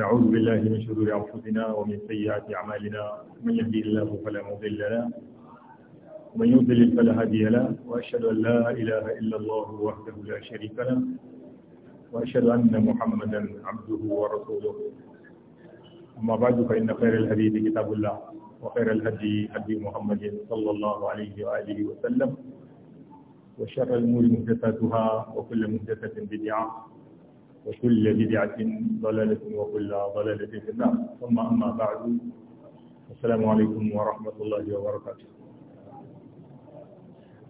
ونعوذ بالله من شرور أنفسنا ومن سيئات أعمالنا من يهدي الله فلا مضل له ومن يضلل فلا هادي له وأشهد أن لا إله إلا الله وحده لا شريك له وأشهد أن محمدا عبده ورسوله أما بعد فإن خير الحديث كتاب الله وخير الهدي هدي محمد صلى الله عليه وآله وسلم وشر الأمور محدثاتها وكل محدثة بدعة وكل بدعة ضلالة وكل ضلالة في النار ثم أما بعد السلام عليكم ورحمة الله وبركاته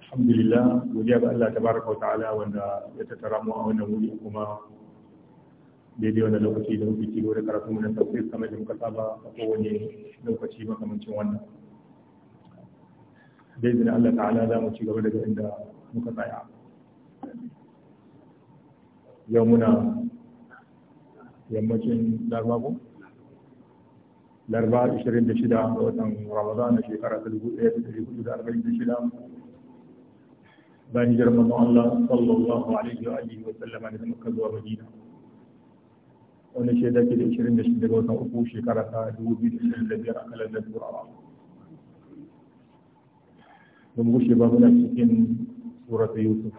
الحمد لله وجاب الله تبارك وتعالى وأن يتترمى وأن وليكما daidai lokaci da muke cigaba da karatu na tafsir kamar da muka saba a kowane lokaci makamancin wannan da na Allah ta'ala za mu ci gaba daga inda muka tsaya yau muna yammacin larba ko larba 26 ga watan ramadan na shekara 1446 bayan hijirar Allah sallallahu alaihi wa alihi wa sallama da Makka zuwa Madina wani shaida ke da 26 ga watan uku shekara ta 2025 a kalandar turawa ba mu gushe ba muna cikin surata yusuf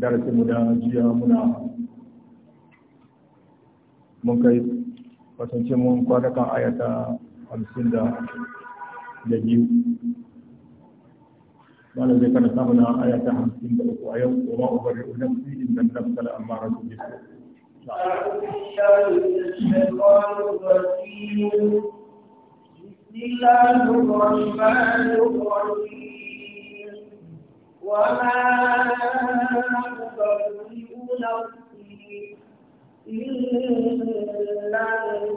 darasin mu da jiya muna mun kai kwatance mun kwanakan ayata hamsin da da biyu malam zai kana samu na ayata hamsin da uku a yau ko ma ubari unafsi inda nafsa la amma rasu bisu بسم الله الرحمن الرحيم وما أبرئ نفسي إن النفس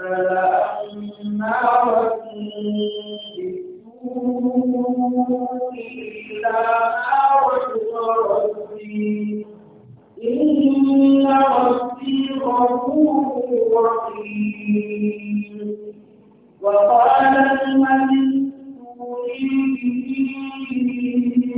لأمارة بالسوء إلا ما رحم ربي إن ربي غفور رحيم وقال الملك به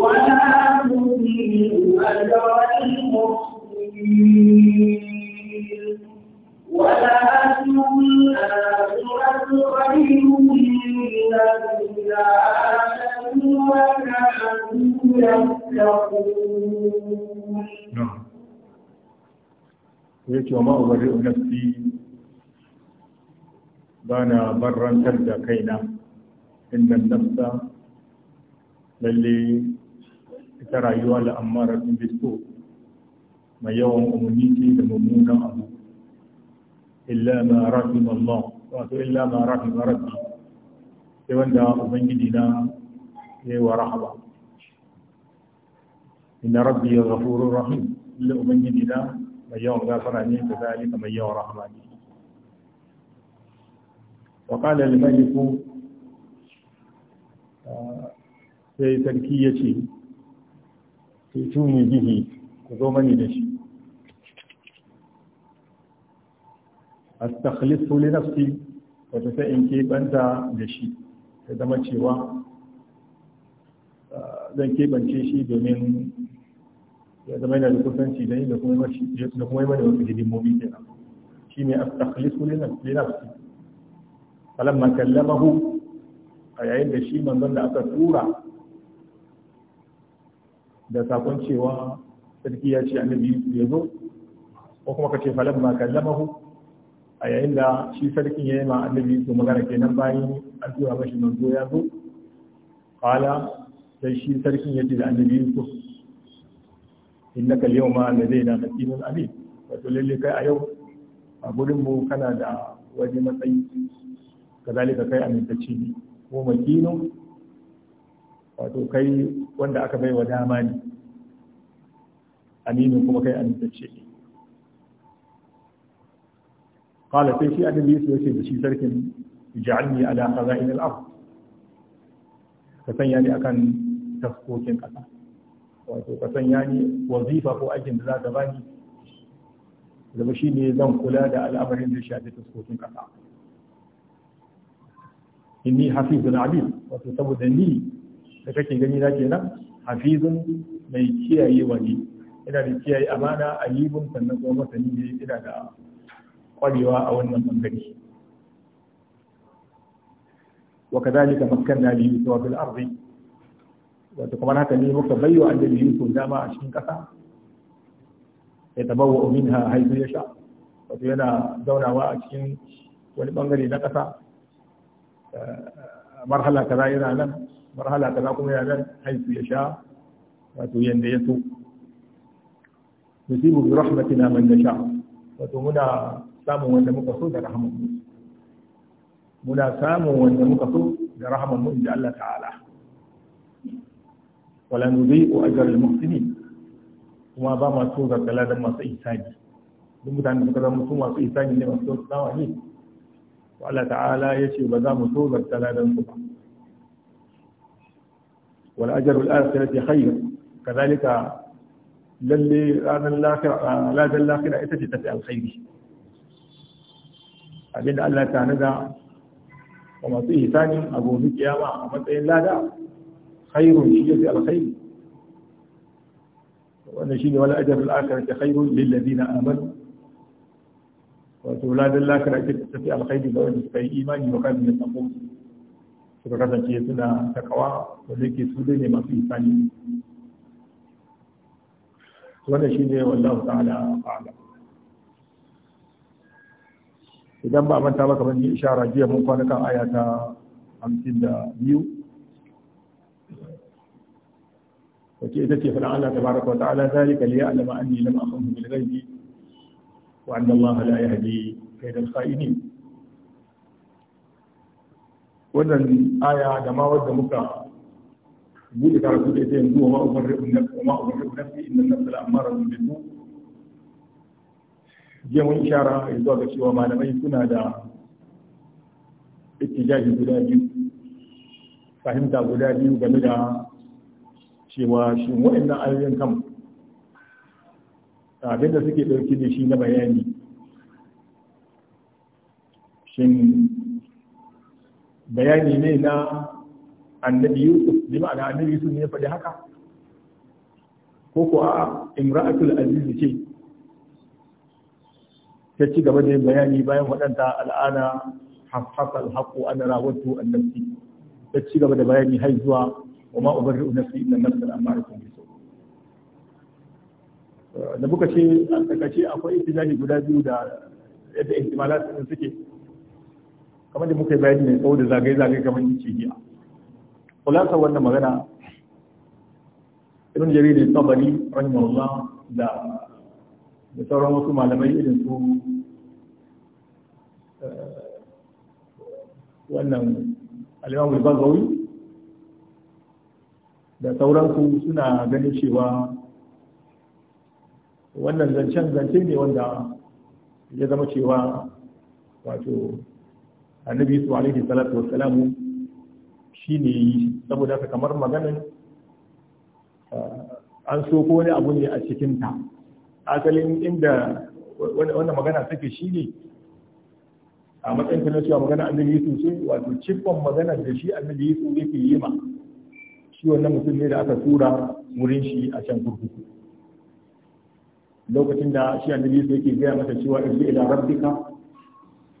ولا تضيع أجر المحسنين ولا تضيع الآخرة خير للذين آمنوا وكانوا يتقون نعم yake wa ma'ubarin nafsi ba na barrantar da kaina inda nafsa lalle ita rayuwa da amara sun bisto mai yawan umarni da mummunan abu illa ma rahim Allah wato illa ma rahim rabbi sai wanda ubangiji na yayi wa rahaba inna rabbi ghafurur rahim illa ubangiji na mai yawan gafara ne da zalika mai yawan rahama ne وقال الملك sai sarki ya ce tuni bihi ku zo mani da shi astakhlisu li nafsi wato sai in keɓanta da shi ta zama cewa ah, zan keɓance shi domin ya zama yana da kusanci da ni da kuma yi mana wasu hidimomi kenan shi ne astakhlisu li nafsi falamma kallamahu a yayin da shi manzon da aka tura da sakon cewa sarki ya ce annabi yusuf ya zo ko kuma ka ce falan ma kallamahu a yayin da shi sarkin ya yi ma annabi yusuf magana kenan bayan an tura mashi manzo ya zo kala sai shi sarkin ya ce da annabi yusuf innaka al-yawma ladaina makinun amin wato lalle kai a yau a gurin mu kana da wani matsayi kazalika kai amintacce ne ko makino wato kai wanda aka bai wa dama ne aminu kuma kai amintacce ne qala sai shi annabi Yusuf ya ce da shi sarkin ij'alni ala khaza'in al-ard ka sanya ni akan tafkokin kasa wato ka sanya ni wazifa ko aikin da za ta bani zama shi ne zan kula da al'amarin da shafi tafkokin kasa inni hafizun abid wato saboda ni da kake gani na kenan hafizun mai kiyayewa ne ina da kiyaye amana alibun sannan kuma masani ne ina da kwarewa a wannan bangare wa kadhalika makkanna li yusuf fil ardi wato kamar haka ne muka bayyo annabi yusuf dama a cikin kasa ya tabawwa minha ya sha. wato yana zaunawa a cikin wani bangare na kasa eh, marhala kaza yana nan marhala kaza kuma ya nan haifu ya sha wato yanda ya so nusibu bi rahmatina man nasha wato muna samun wanda muka so da rahman mu muna samun wanda muka so da rahman mu inda Allah ta'ala wala nudhi'u ajra al-muhsinin kuma ba ma so ga kaladan masu ihsani duk mutanen da suka zama su masu ihsani ne masu tsawa ne wa Allah ta'ala ya ce ba za mu so ga kaladan su ba والأجر الآخرة خير كذلك للي أنا الآخرة لا ذا الآخرة إتجت في الخير أبين الله تعالى ومطيه ثاني أبو مكيامة ومطيه لا ذا خير شيء في الخير ونشين ولا أجر الآخرة خير للذين آمنوا وتولاد الله كرأت في الخير بوجه في إيمان وقال من التقوم suka kasance suna takawa da yake su ne masu isani wannan shi ne wallahu ta'ala fa'ala idan ba manta ba kamar ni ishara jiya mun kwana kan aya ta 52 wace ita ce fa'ala Allah tabaraka wa ta'ala zalika li ya'lama anni lam akhunhu bil ghaibi wa anna Allah la yahdi al kha'inin wannan aya da ma wadda muka buɗe karatu da ita yanzu wa ma ubarri'u nafsi wa na ubarri'u nafsi inna nafsa la'amaratun bisu je mun ishara zuwa ga cewa malamai suna da ittijahi guda biyu fahimta guda biyu game da cewa shi wa'annan ayoyin kan abin da suke ɗauki da shi na bayani shin bayani ne na annabi yusuf bi ma'ana annabi yusuf ne ya faɗi haka ko ko a imra'atul aziz ce ta ci gaba da bayani bayan waɗanta al'ana hafhafal haqqu ana rawatu an nafsi ta ci gaba da bayani har zuwa wa ma da nafsi inna nafsa al'amaratun bisu da muka ce a akwai ittijahi guda biyu da yadda ihtimalatun suke kamar da muka yi bayani mai tsawo da zagaye-zagaye kamar ciki. jiya kulasa wannan magana irin jaridar tabari yawon da da sauran wasu malamai irin su eh, wannan da bazawi da sauransu suna ganin cewa wannan zancen zance ne wanda ya zama cewa wato annabi su alaihi salatu salamu shi ne yi saboda haka kamar maganin ah, an so ko wani abu ne a cikin ta asalin inda wannan magana take shi ne a matsayin ta na cewa magana annabi Yusuf ce wato cikon magana da shi annabi Yusuf ke yi ma shi wannan mutum ne da aka tura wurin shi a can kurkuku lokacin da shi annabi Yusuf yake gaya masa cewa irji ila rabbika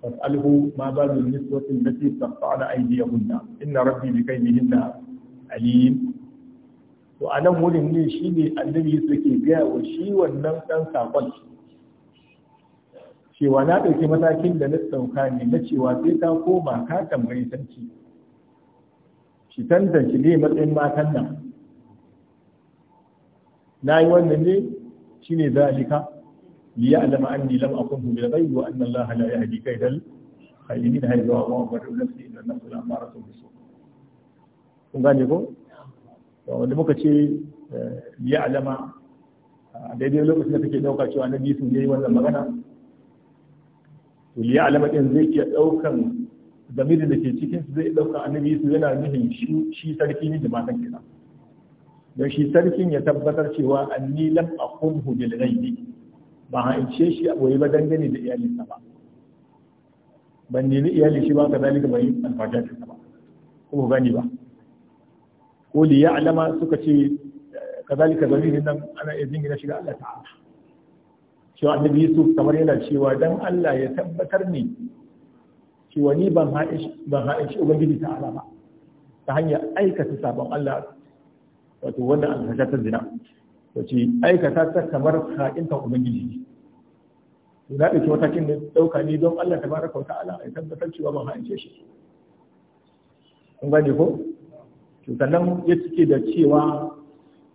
فاسأله ما بال النسوة التي تقطعن أيديهن إن ربي بكيدهن عليم to a nan wurin ne shi ne annabi suke gaya wa shi wannan ɗan saƙon cewa na ɗauki matakin da na ɗauka ne na cewa sai ta koma ka tambayi sarki shi ne matsayin matan nan na yi wannan ne shi ne zalika ليعلم أني لم أكنه بالغيب وأن الله لا يهدي كيد الخائنين هذا هو وبرئ نفسي إن النفس لأمارة بالسوء kun gane ko wanda muka ce ya alama a daidai lokacin da take dauka cewa na bisu ne wannan magana to ya alama din zai iya daukan zamirin da ke cikin su zai dauka annabi su yana nufin shi sarki ne da matan kina don shi sarkin ya tabbatar cewa anni lam akunhu bil ghaibi ba a haice shi a boye ba dangane da iyalinsa ba ban nemi iyali shi ba ka zalika bai alfata ta ba kuma gani ba ko da ya alama suka ce ka eh, kazalika zamirin nan ana iya jingina shiga Allah ta'ala cewa annabi Yusuf kamar yana cewa dan Allah ya tabbatar ne cewa ni ban haishi ban haishi ubangiji ta'ala ba ta hanyar aikata sabon Allah wato wannan alfata ta zina wace ce aikata ta kamar ka'inta ubangiji ne na ɗauki matakin da ɗauka ne don Allah ta baraka wata ala a tabbatar cewa ban ce shi kun gane ko to sannan ya cike da cewa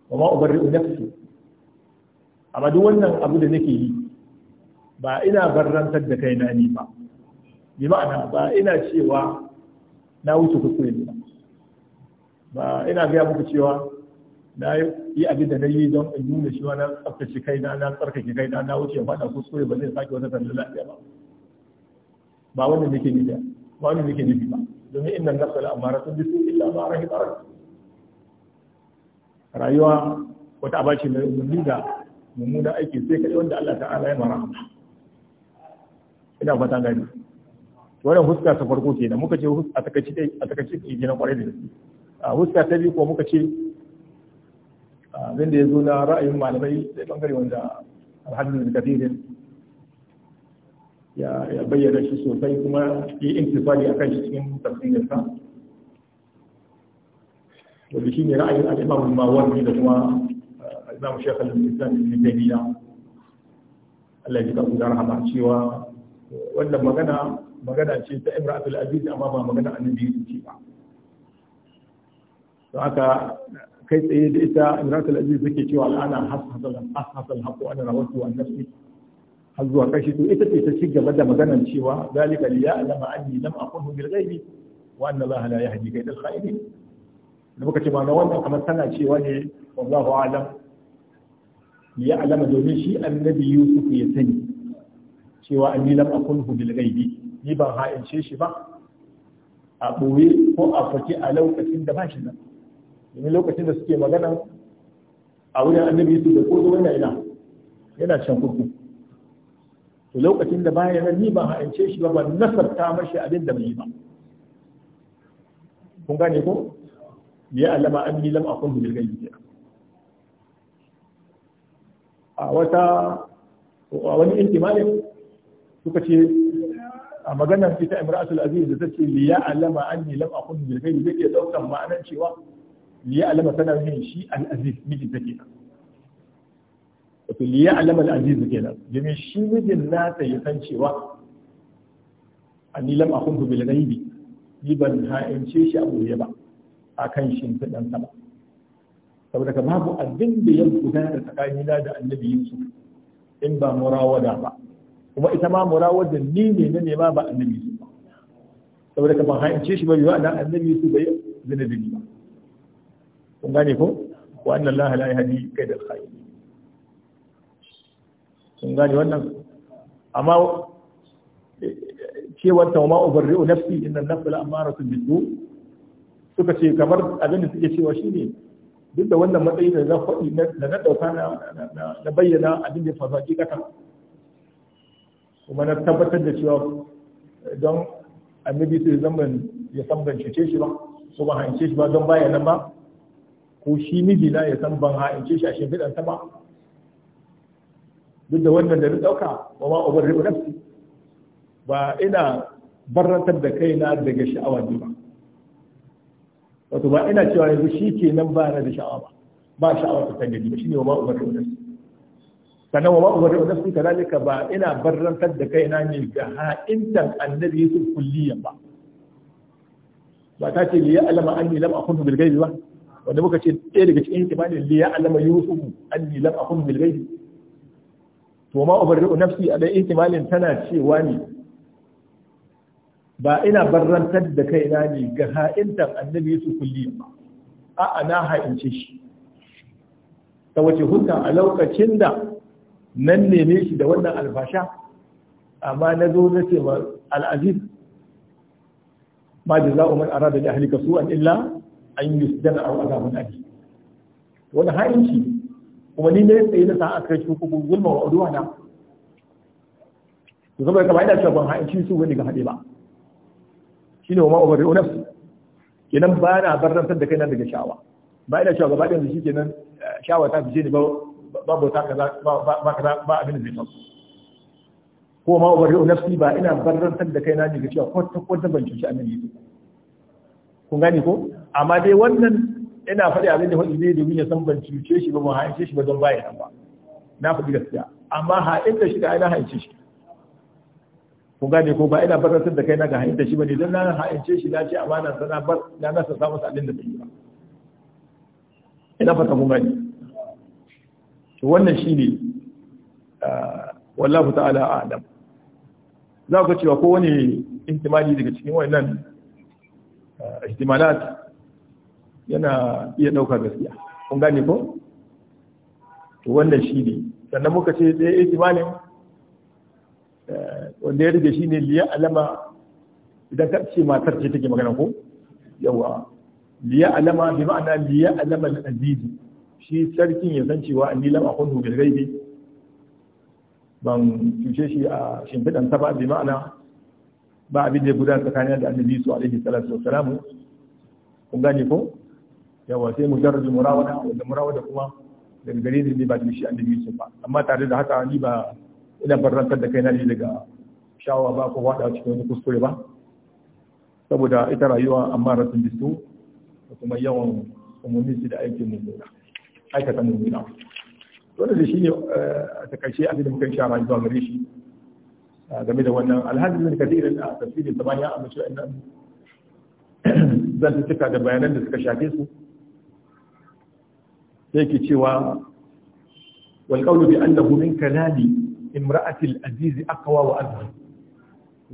wa ma ubarri'u nafsi amma duk wannan abu da nake yi ba ina barrantar da kai na ni ba bi ma'ana ba ina cewa na wuce kuskure ne ba ina gaya muku cewa na yi yi abin da dai don in nuna shi wa na tsaftace kai na na tsarkake kai na na wuce ya fada kuskure ba zai sake wata tsallar lafiya ba ba wanda nake nufi ba wanda nake nufi ba domin inda nafsa la amara tun bisu illa ma rahim rayuwa wata abaci mai umarni da mummunan aiki sai kai wanda Allah ta'ala ya mara ina fata gani wannan huska ta farko kenan muka ce a takaice a takaice ke gina kwarai da gaske a huska ta biyu ko muka ce abin da ya zo na ra'ayin malamai da bangare wanda alhamdulillah kafirin ya bayyana shi sosai kuma yi intifadi a kan shi cikin tafsirinsa wanda shi ne ra'ayin al'imamu wani da kuma al'imamu uh, shekar islam ibn taymiya Allah ya kafu da rahama cewa wannan magana magana ce ta imra'atul aziz amma ba magana annabi ce ba don haka kai tsaye da ita imratul aziz take cewa al'ana hasasal hasasal haqu ana rawatu an nafsi har zuwa kashi to ita ce ta ci gaba da maganar cewa zalika li ya'lama anni lam aqulu bil ghaibi wa anna allaha la yahdi kaydal kha'ibin da muka ce ma wannan kamar tana cewa ne wallahu alam li ya'lama domin shi annabi yusuf ya sani cewa anni lam aqulu bil ghaibi ni ban ha'ince shi ba a ɓoye ko a fake a lokacin da ba shi nan domin lokacin da suke magana a wurin annabi su da kozo wannan ina yana can kurku to lokacin da baya nan ni ba ha'ince shi ba ban nasarta mashi abin da bai ba kun gane ko ya alama an lam aqul bil gaibi a wata a wani intimalin suka ce a maganar ita imra'atul aziz da tace li ya alama anni lam aqul bil gaibi zai iya daukan ma'anar cewa liya alama tana yin shi al-aziz mijin take wato liya alama al kenan domin shi mijin nasa ya san cewa anni lam akhunhu bil ghaibi ni ban ha'ince shi a boye ba akan shimfiɗan sama saboda ka babu abin da ya gudana tsakanina da annabi in ba murawada ba kuma ita ma murawada ni ne na nema ba annabi Yusuf saboda ka ban ha'ince shi ba biyu ba kun gane ko wa anna allaha la kai da khayr kun gane wannan amma cewar ta ma ubarri'u nafsi inna nafsa la amaratu bisu suka ce kamar abin da suke cewa shine duk da wannan matsayi da za faɗi da na ɗauka na bayyana abin da faru hakikata kuma na tabbatar da cewa don annabi sai zaman ya sambance shi ba su ba hance shi ba don bayanan ba ko shi mijina ya san ban ha'ince shi a shimfiɗan ta ba duk da wannan da na ɗauka ba ma ubar riba nafsi ba ina barratar da kaina daga sha'awa ne ba wato ba ina cewa yanzu shi ke nan ba na da sha'awa ba ba sha'awa ta tangani ba shi ne wa ma ubar riba nafsi sannan wa ma ubar riba nafsi kazalika ba ina barratar da kaina ne ga ha'intan annabi yusuf kulliyan ba ba ta ce li ya alama anni lam akhunu bil ghaibi ba wanda muka ce ɗaya daga cikin kimanin alama yusuf an anni lam akun bil ghaib to ma ubarri'u nafsi a dai ihtimalin tana cewa ne ba ina barrantar da kaina ne ga ha'intan annabi yusuf kulli ba a'a na ha'ince shi ta wace hunta a lokacin da nan neme shi da wannan alfasha amma na zo na ce ma al'aziz ma jaza'u man arada li ahlika su'an illa an yi dan a azabun aji. wani ha'inci kuma ni ne tsaye da sa'a kai shi kuma gulma wa aduwa na su zama kamar ina cewa ban ha'inci su wani ga haɗe ba ne wa ma'ubar da nafsi kenan ba na barantar da na daga shawa ba ina cewa gaba da shi kenan eh, shawa ta fice ne ba ba bauta kaza ba ba abin da zai faru ko ma wa ri'u nafsi ba ina barantar da kaina daga cewa ko ta ko ta ban cuci annabi kun gane ko amma dai wannan ina faɗi abin da faɗi zai domin ya san ban cuce shi ba mu haice shi ba don baya nan ba na faɗi gaskiya amma ha'in da shi da ina haice shi kun gane ko ba ina barantar da kai na ga ha'in da shi ba ne dan na haice shi na ce amana sana bar na nasa samu abin da bai yi ba ina fata kun To wannan shine wallahu ta'ala a'lam za ku cewa ko wani ihtimali daga cikin wannan ihtimalat yana iya ɗauka gaskiya kun gane ko to wannan shi ne sannan muka ce ɗaya itimalin eh, wanda ya rige shi ne liya alama idan ka ce matar ce take magana ko yawa liya alama bi ma'ana liya alama al-azizi shi sarkin ya san cewa an lam akunu bil gaibi. ban cuce shi a shimfidan ta ba bi ma'ana ba abin da guda tsakanin da annabi su alaihi salatu wassalam kun gane ko yawa sai mujarrad murawada wanda murawada kuma da gare ne ba da shi annabi Yusuf ba amma tare da haka ni ba ina barrantar da kaina ne daga shawa ba ko wada cikin wani kuskure ba saboda ita rayuwa amma rasin bisu da kuma yawan umarni da aikin mummuna aikata mummuna wannan da shine a takaice abin da muka yi shara zuwa gare shi game da wannan alhaji bin a tafsirin samaniya a mace zan tuka da bayanan da suka shafe su sai ke cewa wal qawlu bi annahu min kalali imra'ati al-aziz aqwa wa azhar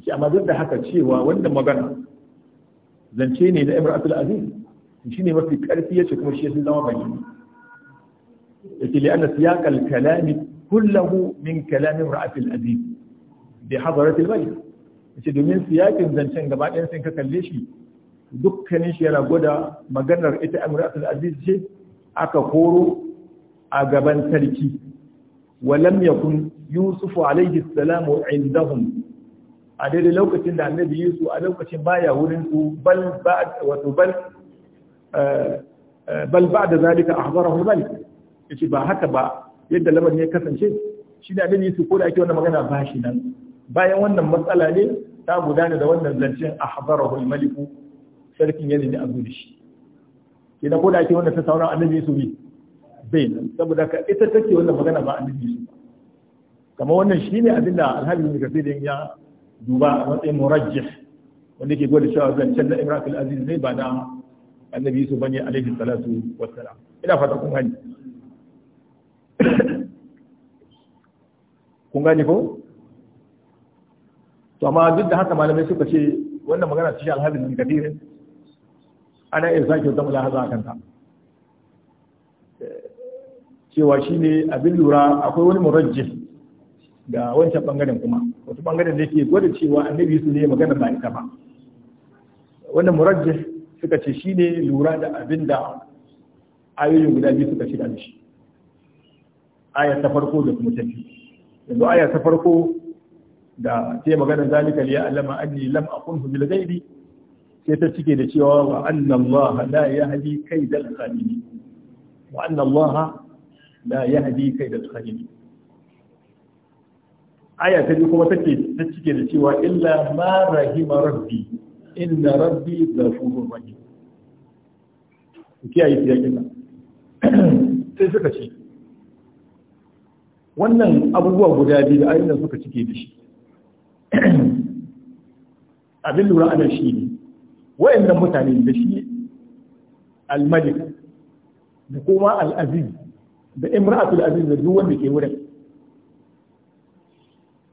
shi amma duk da haka cewa wanda magana zance ne na imra'atul aziz shi ne mafi karfi yace kuma shi sun zama baki yake li anna siyaq al-kalam kulluhu min kalami imra'atul aziz bi hadarat al-bayt yace domin siyaqin zancen gaba ɗayan sai ka kalle shi dukkanin shi yana gwada maganar ita imra'atul aziz ce aka koro a gaban sarki walam yakun yusuf alaihi salamu indahum a daidai lokacin da annabi yusuf a lokacin baya wurin su bal ba wato bal eh, bal ba da zalika ahbarahu malik yace ba haka ba yadda lamarin ya kasance shi da annabi yusuf ko da ake wannan magana ba shi nan bayan wannan matsala ne ta gudana da wannan zancen ahbarahu malik sarkin yana a azu shi ke da koda ake wanda ta sauran annabi su bi bai saboda ka ita take wannan magana ba annabi su kamar wannan shine abin da alhaji ibn kasir ya duba a matsayin murajjih wanda yake gwada cewa zancen na imran al-aziz ne ba na annabi su bane alaihi salatu wassalam ina fata kun gani kun gani ko to amma duk da haka malamai suka ce wannan magana ce alhaji ibn kasir ana iya sake wata mulahaza a kanta cewa shi ne abin lura akwai wani murajji ga wancan bangaren kuma wasu bangaren da ke gwada cewa annabi su ne magana ba ita ba wannan murajji suka ce shi ne lura da abin da ayoyin guda biyu suka shiga da shi aya ta farko da kuma tafi yanzu aya ta farko da ce magana zalika liya alama anni lam aqul bil ghaibi sai ta cike da cewa wa annan Allah la yahdi kaidal khalili wa annan Allah la yahdi kaidal khalili aya ta kuma take ta cike da cewa illa ma rahima rabbi inna rabbi ghafurur rahim kiyaye kiyaye sai suka ce wannan abubuwa guda biyu da ayyukan suka cike da shi abin lura ana shi ne wa'annan mutane da shi al-malik da kuma al-aziz da imra'atul aziz da duk wanda ke wurin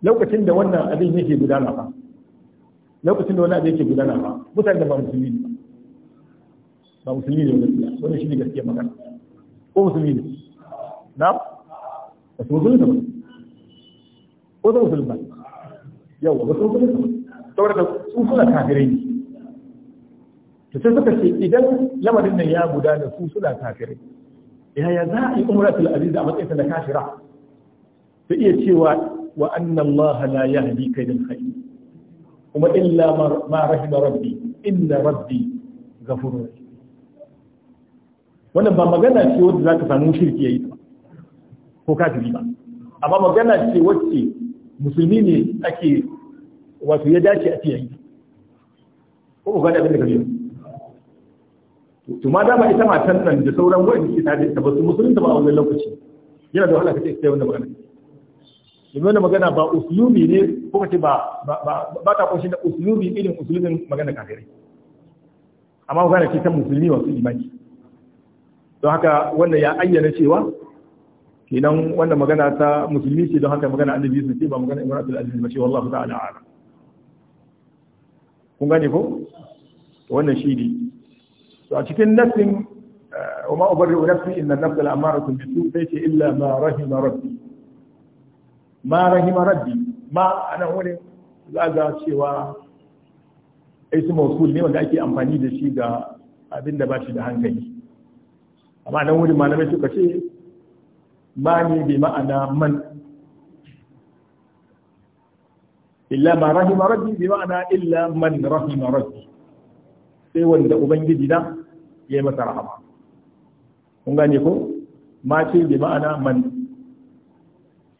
lokacin da wannan abin yake gudana ba lokacin da wani abin yake gudana ba mutane da ba musulmi ne ba musulmi ne gaskiya wannan shi ne gaskiya magana ko musulmi ne na ba su musulmi ne ba ko su musulmi ba yau ba su musulmi ne ba saboda su suna kafirai ne to sai suka ce idan lamarin nan ya gudana su suna kafirai yaya za a yi umar umratul al'adu a matsayin ta na kafira ta iya cewa wa mahala ya la yahdi kaidal khayr kuma illa ma rahima rabbi inna rabbi ghafurur wannan ba magana ce wanda za ka samu shirki ya yi ba ko kafiri ba amma magana ce wacce musulmi ne ake wato ya dace a yayi ko ba da abin da ka biyo to ma dama ita matan nan da sauran wa'anda ke tare da ba su musulunta ba a wannan lokaci yana da wahala ka ce sai wannan magana domin wannan magana ba uslubi ne ko kace ba ba ta kunshi da uslubi irin uslubin magana kafirai amma magana ce ta musulmi wasu imani don haka wannan ya ayyana cewa kenan wannan magana ta musulmi ce don haka magana annabi sun ce ba magana imam abdul aziz ba ce wallahu ta'ala ala kun gane ko wannan shi ne to a cikin nafsin eh, wa ma ubarri nafsi inna nafsa al-amaratu bisu sai ce illa ma rahima rabbi ma rahima rabbi ma ana wani zaga cewa ismu mawsul ne wanda ake amfani da shi ga abin da ba shi da hankali amma nan wurin malamai suka ce ma ne bi ma'ana man illa ma rahima rabbi bi ma'ana illa man rahima rabbi sai wanda ubangiji na ya masa rahama kun gane ko mace bi ma'ana man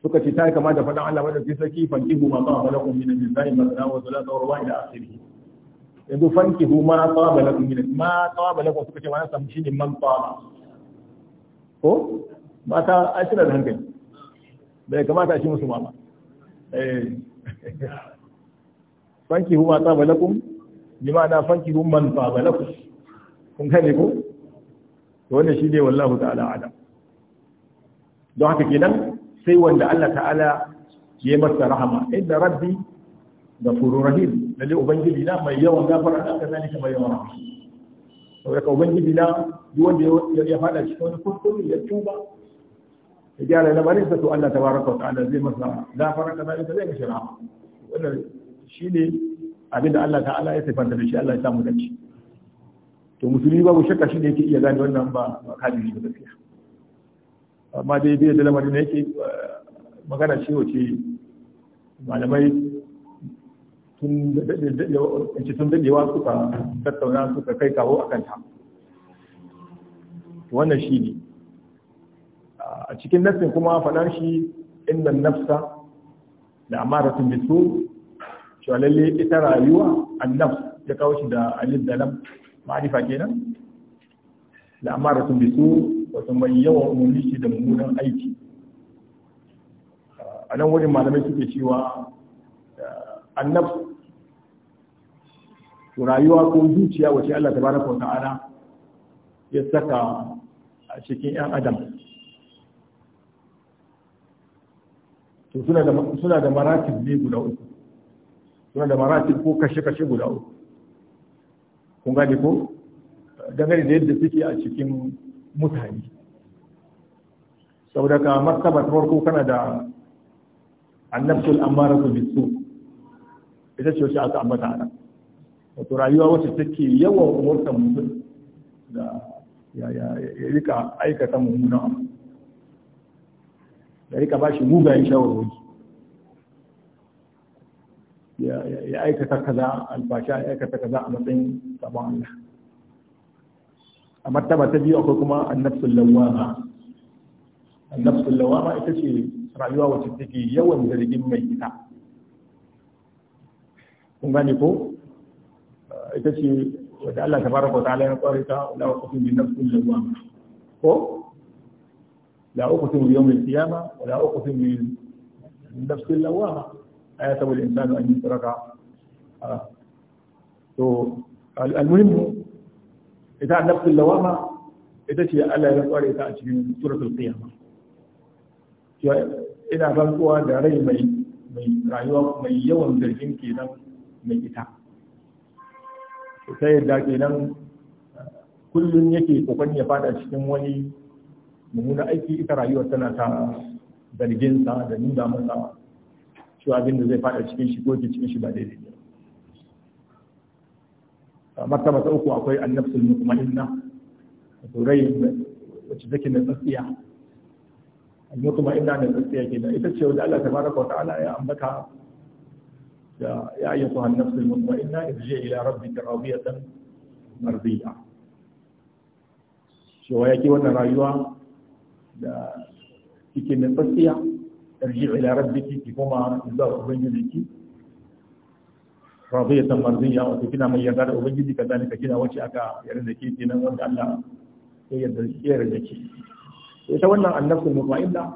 suka ce ta kama da faɗan Allah saki fanki huma ma qaba lakum min zai nisai masna wa thalatha wa ruwa ila akhirih yanzu huma ma qaba lakum min ma qaba lakum suka ce wannan samu ne man ba. ko mata a cikin da hankali bai kamata a ci musu mama eh huma ma qaba lakum bi ma'ana huma man qaba lakum kun gane ko to wannan shine wallahu ta'ala alam don haka kenan sai wanda Allah ta'ala ya yi masa rahama inda rabbi ghafurur rahim lalle ubangiji na mai yawan gafara da kazalika mai yawan rahama to ya ubangiji na duk wanda ya fada cikin wani kuskure ya tuba ya gyara lamarin sa to Allah tabaraka wa ta'ala zai masa gafara kazalika zai mishi rahama wannan shine abinda Allah ta'ala ya sifanta da shi Allah ya samu dace to musulmi babu shakka shi ne yake iya gane wannan ba kafiri ba gaskiya amma dai bai da lamarin ne yake eh, magana ce wace malamai tun daɗewa suka tattauna suka kai kawo a kanta wannan shi ne a cikin nassin kuma faɗar shi inda nafsa da amaratun bisu shi lalle ita rayuwa annaf ya kawo shi da alif da lam ma'arifa kenan da da sun bisu wato mai yawan umarni shi da mummunan aiki a nan wurin malamai suke cewa eh, annab rayuwa ko zuciya wace Allah tabaraka wa ta'ala ya saka a cikin 'yan adam suna da maratib ne guda uku suna da maratib ko kashe-kashe guda uku kun gane ko dangane da yadda suke a cikin mutane saboda ka martaba ta farko kana da annabtul amara ku bisu ita ce wacce aka ambata ana wato rayuwa wacce take yawan umurtan mutum da ya ya ya rika aikata mummunan abu da rika ba shi mugayen shawarwari ya aikata kaza alfasha ya aikata kaza a matsayin sabon Allah a martaba ta biyu akwai kuma annabsul lawama annabsul lawama ita ce rayuwa wacce take yawan zargin mai ita kun gane ko ita ce wadda Allah ta baraka ta'ala ya kware ta la uqsimu bi nafsil lawama ko la uqsimu bi yawmil qiyamah wa la uqsimu bi nafsil lawama ayata wal insanu an yusraka to almuhim ita annabtu lawama ita ce Allah ya kware ta a cikin suratul qiyamah ina rantsuwa da rai mai rayuwa mai yawan zargin kenan mai ita ta yadda kenan kullum yake kokon ya a cikin wani mummuna aiki ita rayuwar tana ta zarginsa da nuna masa cewa abin da zai fada cikin shi ko ke cikin shi ba daidai ba martaba ta uku akwai annafsul mutmainna wato rai wacce take da tsatsiya al-mutmainna da tsatsiya ke da ita ce wanda Allah tabaraka wa ta'ala ya ambata da ya ayyatuha an-nafsul mutmainna irji ila rabbika radiyatan mardiya cewa yake wannan rayuwa da kike da tsatsiya ارجعي الى ربك ki koma zuwa ubangijinki radiyatan وكنا wato kina mai yarda da ubangiji kazalika kina wacce aka الله da ke kenan wanda Allah ya yarda ya yarda wannan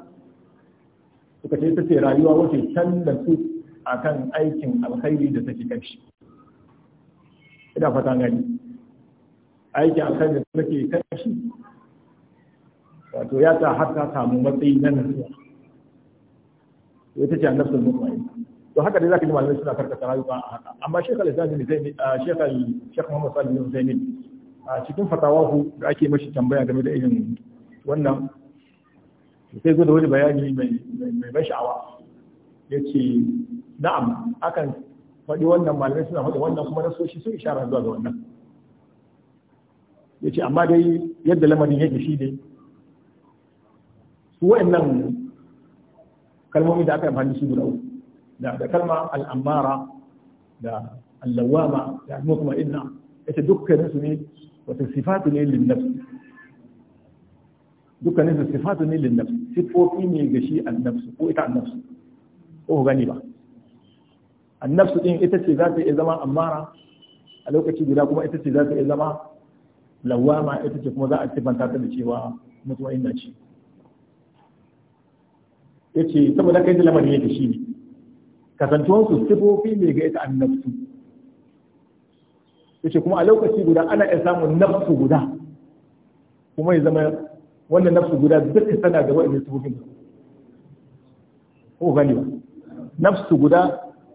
suka ce ita ce rayuwa wacce can da su akan aikin alkhairi da take ina fata gani aikin alkhairi da take wato ya ta har ta samu matsayi na ita ce annabi mutmain to haka dai zaka ji malamai suna karkata rayuwa a haka amma shekar islam ne zai shekar shekar muhammad sallallahu alaihi wasallam a cikin fatawahu da ake mashi tambaya game da irin wannan sai zo da wani bayani mai ban sha'awa ya ce na'am akan faɗi wannan malamai suna faɗi wannan kuma na soshi sun ishara zuwa ga wannan ya ce amma dai yadda lamarin yake shi dai su wa'annan kalmomi da aka yi amfani da su guda uku da da kalma al'ammara, da allawama da kuma inna ita dukkanin su ne wata sifatu ne lin nafs dukkanin su sifatu ne lin nafs sifofi ne ga shi an nafs ko ita an nafs ko ku gani ba an nafs din ita ce za ta iya zama amara a lokaci guda kuma ita ce za ta iya zama lawama ita ce kuma za a sifanta ta da cewa mutuwa inna ce ya ce saboda kai da lamarin yake shi ne kasantuwansu sifofi ne ga ita annabtu nafsu ya ce kuma a lokaci guda ana iya samun nafsu guda kuma ya zama wannan nafsu guda duk sana da wa'in sifofin ko gani ba nafsu guda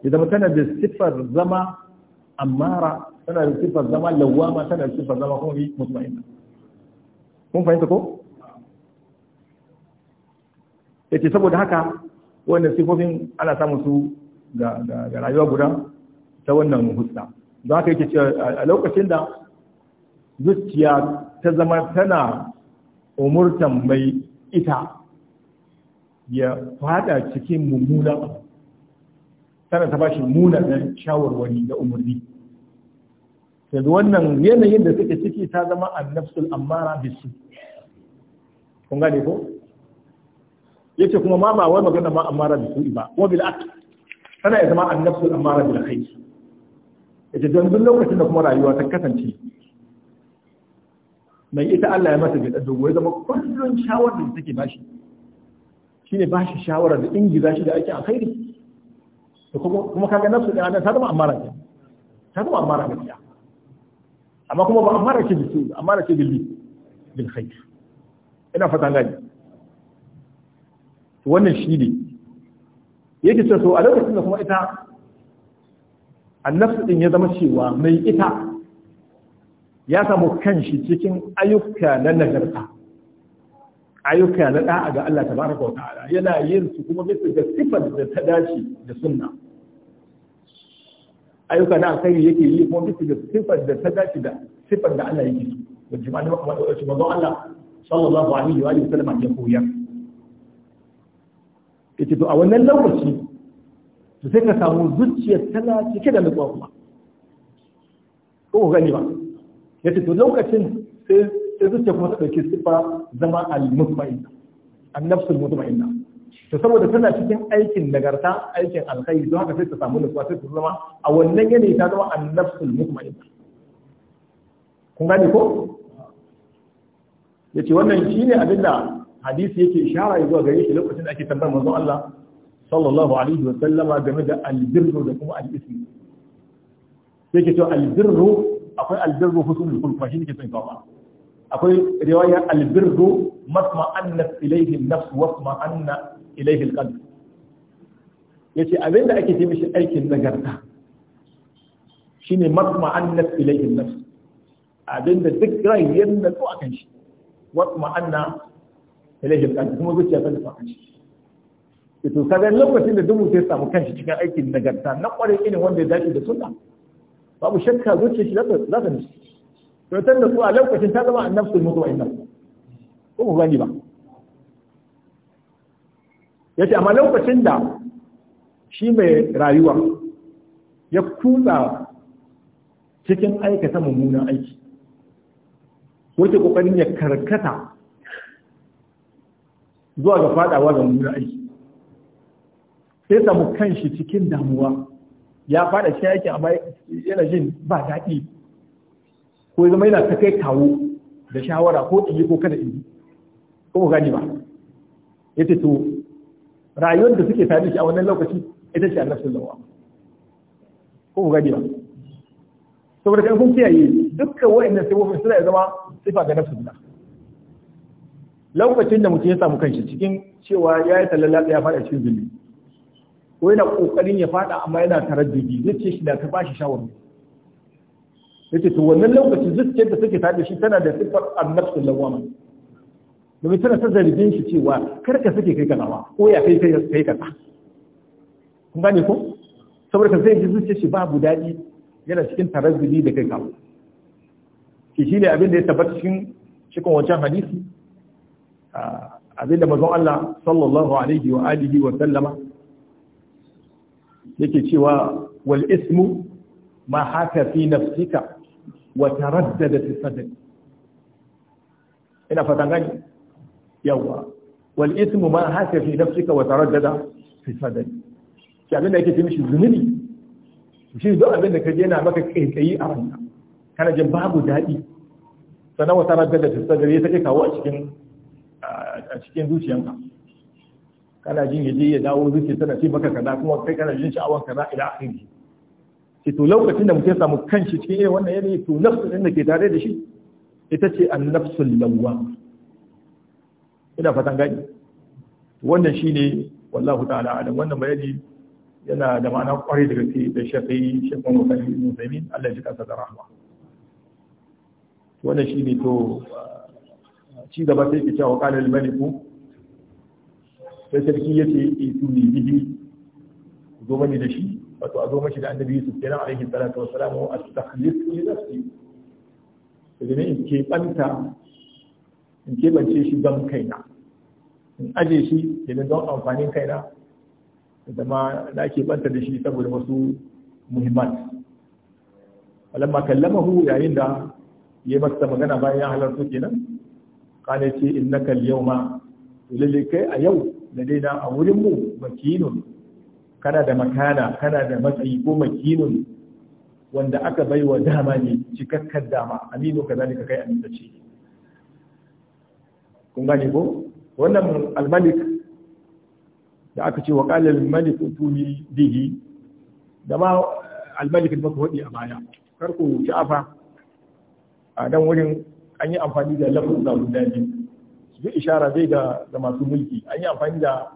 ya zama tana da siffar zama amara tana da siffar zama lawama tana da siffar zama kuma mutmainna kun fahimta ko yace saboda haka wannan sifofin ana samun su ga rayuwa guda ta wannan husna za haka yi cewa a lokacin da zuciya ta zama tana umurtan mai ita ya fada cikin mummuna tana ta bashi munanan shawarwari da umarni yanzu wannan yanayin da suke ciki ta zama annafsul amara bisu kun gane ko yake kuma ma ba wai magana ma amma rabi su'i ba wa bil aql tana ya zama annafsul amara bil khair yace dan duk lokacin da kuma rayuwa ta kasance mai ita Allah ya mata gaɗa dogo ya zama kullun shawarar da take bashi shine bashi shawarar da ingiza shi da ake a khairi da kuma kaga nafsu da ta zama amara ce ta zama amara ya amma kuma ba amara ce bisu amara ce bil bil khair ina fata gani wannan shi ne yake ce so a lokacin da kuma ita annafsu din ya zama cewa mai ita ya samu kanshi cikin ayyuka na nagarta ayyuka na da'a ga Allah tabaraka wa ta'ala yana yin su kuma bisa ga sifar da ta dace da sunna ayyuka na alkhairi yake yi kuma bisa ga sifar da ta dace da sifar da Allah yake so wajibi jima'a da kuma da manzon Allah sallallahu alaihi wa sallam ya koyar yake to a wannan lokaci to sai ka samu zuciyar tana cike da nutsuwa kuma ko ku gani ba yace to lokacin sai sai zuciya kuma ta dauki sifa zama al-mutma'inna an-nafsul mutma'inna to saboda tana cikin aikin nagarta aikin alkhairi don haka sai ta samu nutsuwa sai ta zama a wannan yanayi ta zama an-nafsul mutma'inna kun gane ko yace wannan shine abinda hadisi yake ishara zuwa gare shi lokacin da ake tambayar manzon Allah sallallahu alaihi wa sallama game da albirru da kuma al-ismi yake to albirru akwai albirru husnul khulq shi ne ke son kawo akwai riwaya albirru masma anna ilayhi an-nafs wa masma anna ilayhi al-qalb yace abinda ake ce mishi aikin nagarta shine masma anna ilayhi an-nafs abinda duk rai yanda to akan shi wa masma anna ilaihi alqalb kuma zuciya ta nufa kanshi to kaga lokacin da dubu ya samu kanshi cikin aikin nagarta na kware ne wanda ya dace da sunna babu shakka zuciya shi za ta nufi to tan da su a lokacin ta zama annabtul inna ko mu gani ba yace amma lokacin da shi mai rayuwa ya kutsa cikin aikata mummunan aiki wace kokarin ya karkata zuwa ga fadawa ga mummunan aiki sai samu kanshi cikin damuwa ya fada cikin yake amma yana jin ba daɗi ko zama yana ta kai kawo da shawara ko in ko kada in yi ko ba gani ba ce to rayuwar da suke tare shi a wannan lokaci ita ce annabi sallallahu alaihi ko ba gani ba saboda kan kun kiyaye dukkan wa'annan sai wofin suna zama sifa ga nafsu billah lokacin da mutum ya samu kanshi cikin cewa ya yi talala ya fada cikin zunubi ko yana kokarin ya fada amma yana taraddudi zai ce shi da ka bashi shawari yace to wannan lokacin zuciyar da take tare shi tana da sifar annafsu lawama domin tana ta zargin shi cewa kar ka sake kai kaza ko ya kai kai ka ta kun gane ko saboda kan sai ji zuciyar shi babu dadi yana cikin taraddudi da kai kawo shi shine abin da ya tabbata cikin cikin wancan hadisi Abin abinda mazan Allah sallallahu alaihi wa alihi wa sallama yake cewa wal ismu ma haka fi nafsika wa taraddada fi sadri ina fatan gani yawa wal ismu ma haka fi nafsika wa taraddada fi sadri shi abinda yake cewa mishi zunubi shi zo abinda ka je na maka kaikayi a ranka kana jin babu daɗi sannan wa taraddada fi sadri ya take kawo a cikin a cikin zuciyanka kana jin ya je ya dawo zuciya tana ce baka kaza kuma kai kana jin sha'awar kaza ila akhiri ki to lokacin da mutum ya samu kanshi cikin irin wannan yanayi to nafsu din da ke tare da shi ita ce an-nafsul lawwam ina fatan gani wannan shine wallahu ta'ala alam wannan bayani yana da ma'ana kwarai da gaske da shafi shafin wakilin musulmin Allah ya ji kasa da rahma wannan shine to ci gaba sai ki cewa qala al maliku sai sarki ya ce yace eh, tuni bihi zo mani da shi wato a zo mashi da annabi Yusuf kenan alaihi salatu wassalamu astakhlisu li nafsi sai ne in ke banta in ke bance shi don kaina in aje shi kenan don amfanin kaina zama da ake banta da shi saboda wasu muhimman alamma kallamahu yayin da ya masa magana bayan ya halarta kenan kada ce innaka al-yawma lallai kai a yau da daina a wurin mu makinun kana da makana kana da matsayi ko makinun wanda aka baiwa dama ne cikakkar dama aminu kazalika kai ce, kun gane ko wannan al da aka ce wa qala al-malik utuni bihi da ma al-malik da muka hudi a baya kar ku ci afa a dan wurin an yi amfani da lafazin guda biyu su ishara zai ga masu mulki an yi amfani da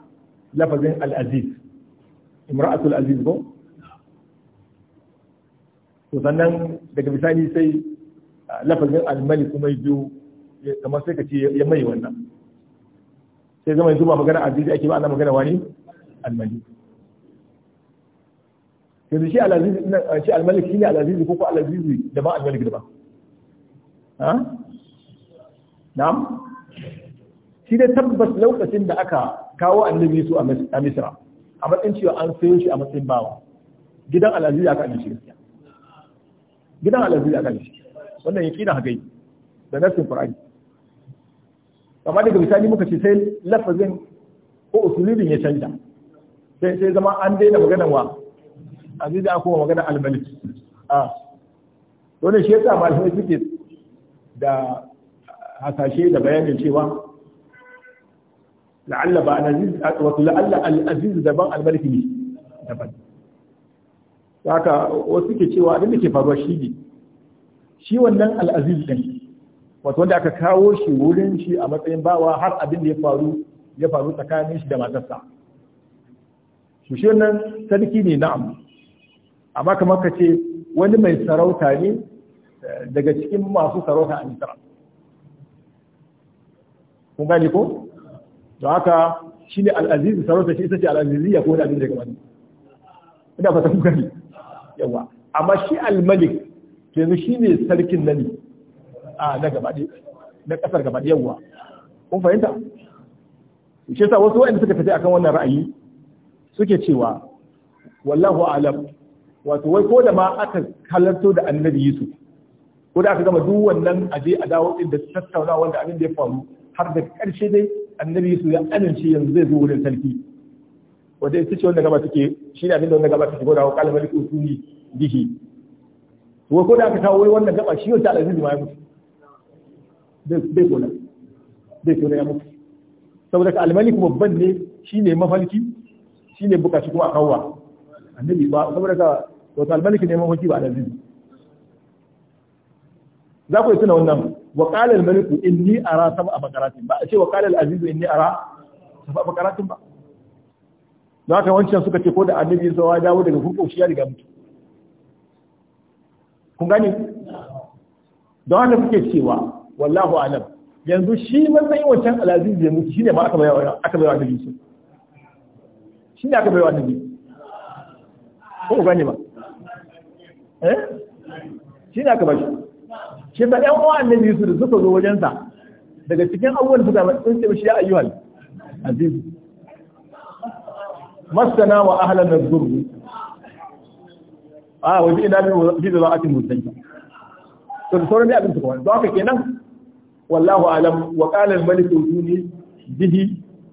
lafazin al'aziz imra'atul aziz ko to sannan daga misali sai lafazin al kuma kuma biyu kamar sai ka ce ya mai wannan sai zama yanzu ba magana aziz ake ba ana magana wani al yanzu shi al-aziz shi al-malik ne al-aziz ko ko al-aziz da ba al-malik da ba ha na'am shi dai tabbas lokacin da aka kawo annabi su a misra a matsayin cewa an sayo shi a matsayin bawa gidan al'aziz ya kan shi gaskiya gidan al'aziz ya kan shi wannan ya kina yi da nassin qur'ani amma daga misali muka ce sai lafazin ko usulubin ya canja sai sai zama an daina magana wa aziz da kuma magana al-malik a ah. wannan shi yasa malamai suke da hasashe da bayanin cewa la'alla ba al-aziz wato la'alla al-aziz daban al-malik ne daban haka wasu ke cewa abin da ke faruwa shi ne shi wannan al-aziz din wato wanda aka kawo shi wurin shi a matsayin bawa har abin da ya faru ya faru tsakanin shi da matarsa to shi wannan sarki ne na'am amma kamar ka ce wani mai sarauta ne eh, daga cikin masu sarauta a Misra kun gane ko da haka shi ne al'azizu sarauta shi ita ce al'aziziyya ko da abin daga wani ina fata kun gani yawa amma shi al-malik yanzu shi ne sarkin nani a na gabaɗe na ƙasar gabaɗe yawa kun fahimta shi yasa wasu waɗanda suka tafi akan wannan ra'ayi suke cewa wallahu alam wato wai ko da ma aka halarto da annabi yusuf ko da aka gama duk wannan aje a dawo din da tattauna wanda abin da ya faru har da ƙarshe dai annabi su ya amince yanzu zai zo wurin sarki wanda ita ce wanda gaba take shi ne abinda wanda gaba take gwada wa kala malik usuli dihi wa ko da aka kawo wai wannan gaba shi wata alazizi ma ya mutu bai gona bai ya mutu saboda ka almalik babban ne shine mafalki shine bukaci kuma a kawwa annabi ba saboda ka wata almalik ne mafalki ba alazizi za ku yi tuna wannan wa qala al-malik inni ara sab'a baqaratin ba a ce wa qala al-aziz inni ara sab'a baqaratin ba don haka wancan suka ce ko da annabi zawa dawo daga hukun shi mutu kun gane don haka suke cewa wallahu alam yanzu shi matsayin wancan alaziz ya mutu shine ba aka bai wa aka bai wa annabi shi shine aka bai wa annabi ko gane ba eh shine aka bai shi sa ɗan uwa annabi Yusuf da suka zo wajensa daga cikin abubuwan suka sun ce shi ya ayyuhal aziz masana wa ahlan az-zurr a ah, wajen ina bi da za'atin musanka to da ne abin su kuma don haka kenan wallahu alam wa qala al-malik utuni bihi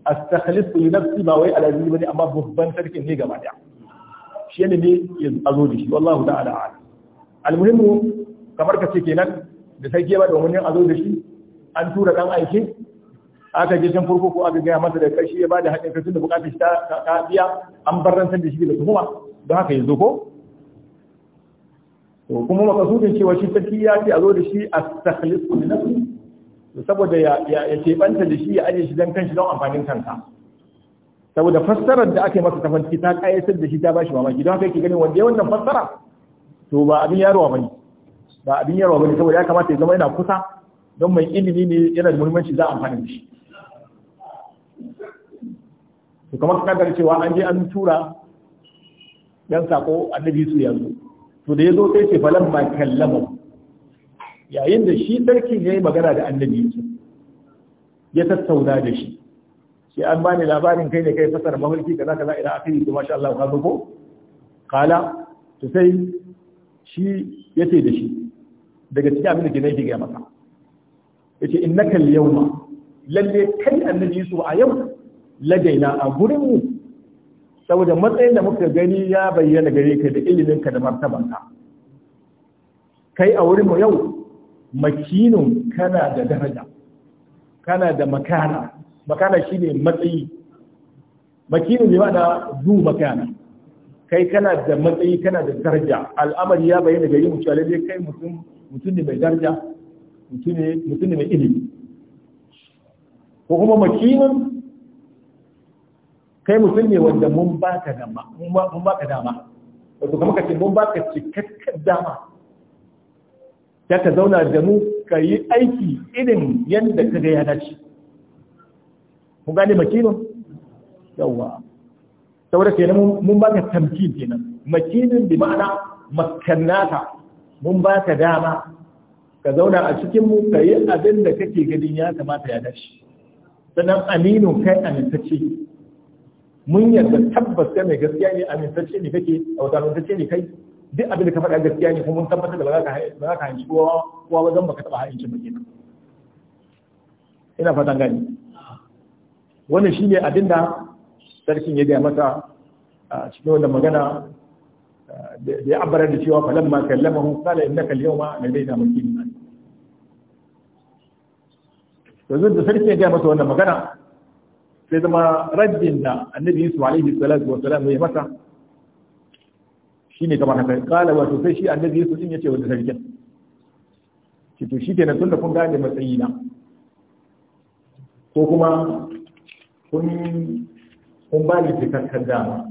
astakhlisu li nafsi ma wai al-aziz bane amma babban sarkin ne gaba daya shi ne ne ya azo da shi wallahu ta'ala al-muhimmu kamar ka ce kenan da sai ke ba domin yin azo da shi an tura ɗan aiki aka je can farko ko aka gaya masa da kashi ya da haƙƙin kashi da buƙatar shi ta biya an bar barrantar da shi da tuhuma don haka yanzu ko to kuma makasudin cewa shi sarki ya ce a zo da shi a takhlisu min nafsi saboda ya ya banta da shi ya aje shi dan kanshi don amfanin kanka saboda fassarar da aka yi masa tafanci ta kayyatar da shi ta bashi mamaki don haka yake ganin wanda ya wannan fassara to ba abin yarowa bane ba abin yarwa ne saboda ya kamata ya zama yana kusa don mai ilimi ne yana da muhimmanci za a amfani da shi to kamar kaga cewa an je an tura dan sako annabi su yanzu to da yazo sai ce falan ma kallama yayin da shi sarkin yi magana da annabi su ya tattauna da shi sai an bani labarin kai ne kai fasara mafarki kaza kaza ila akhiri yi masha Allah ka zo ko kala to sai shi yace da shi daga cikin abin da ke nake gaya masa yace innaka yau ma. lalle kai annabi Yusuf a yau ladaina a gurin mu saboda matsayin da muka gani ya bayyana gare ka da ilimin ka da martabanka kai a wurin mu yau makinin kana da daraja kana da makana makana shine matsayi makinun ne ma'ana du makana kai kana da matsayi kana da daraja al'amari ya bayyana gari mu cewa dai kai mutum mutum ne mai daraja mutum ne mutum ne mai ilimi ko kuma makinin kai mutum ne wanda mun baka dama mun baka dama wato kuma kace mun baka cikakken dama ya ka zauna da mu ka yi aiki irin yadda ka ga ya dace kun gane makinin yawwa saboda nan mun baka tamkin nan makinin bi ma'ana makannata mun baka dama ka zauna a cikin mu ka yi abin da kake gani ya kamata ya dashi sannan aminu kai amintacce mun yarda tabbas kai mai gaskiya ne amintacce ne kake a wata amintacce ne kai duk abin da ka faɗa gaskiya ne kuma mun tabbatar da ba za ka hanci kowa kowa wajen baka taɓa hancin ba kenan ina fatan gani wannan shi ne abin da sarkin ya gaya masa a cikin wannan magana da ya abbara da cewa ma falamma inda kalli yau ma yawma ladaina makin yanzu da sarki ya gaya masa wannan magana sai zama rajin da annabi Yusuf alaihi salatu wa salam ya masa shine kamar haka kala wa to sai shi annabi Yusuf din yace wanda sarkin ki to shi kenan tunda kun gane matsayina ko kuma kun kun ba ni cikakken dama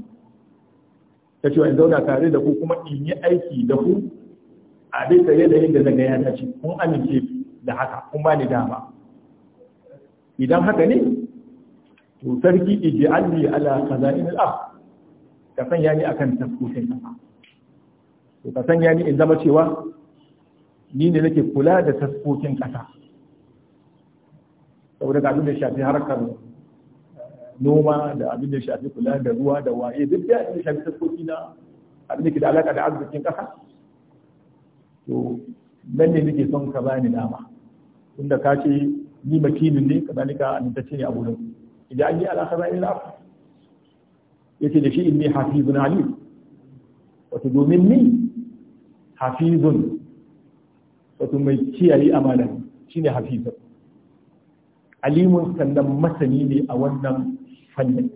ta ce wa in zauna tare da ku kuma in yi aiki da ku a bisa yanayin da zanga ya dace kun amince da haka kun ba ni dama idan haka ne to sarki alli, ala khaza'in al-ard ka sanya ni akan tafkutin kasa to ka sanya ni in zama cewa ni ne nake kula da tafkutin kasa saboda ga abin da shafi harkar noma da abin da shafi kula da ruwa da waye duk da abin da shafi taskoki na abin da ke da alaka da arzikin ƙasa to nan ne nake son ka bani dama tunda ka ce ni makinin ne kazalika amintacce ne a wurin idan an yi alaka zai lafa yace da shi inni hafizun ali wato domin ni hafizun wato mai kiyaye amana shine hafizun alimun sannan masani ne a wannan fanni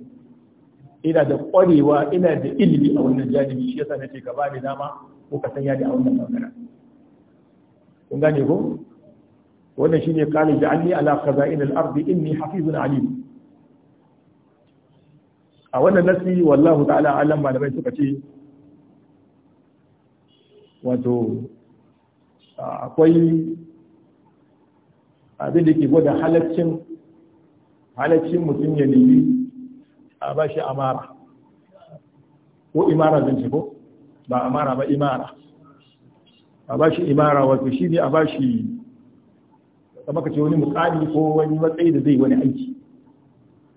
ina da ƙwarewa ina da ilimi a wannan janibi shi yasa nace ka bani dama ko ka sanya da a wannan magana kun gane ko wannan shine qali ja'alni ala khaza'in al-ard inni hafizun alim a wannan nasi wallahu ta'ala alam malamai suka ce wato akwai abin da ke gwada halaccin halaccin mutum ya nemi a ba shi amara ko imara zan ko ba amara ba imara a ba shi imara wato shi ne a ba shi kamar ka ce wani mukami ko wani matsayi da zai wani aiki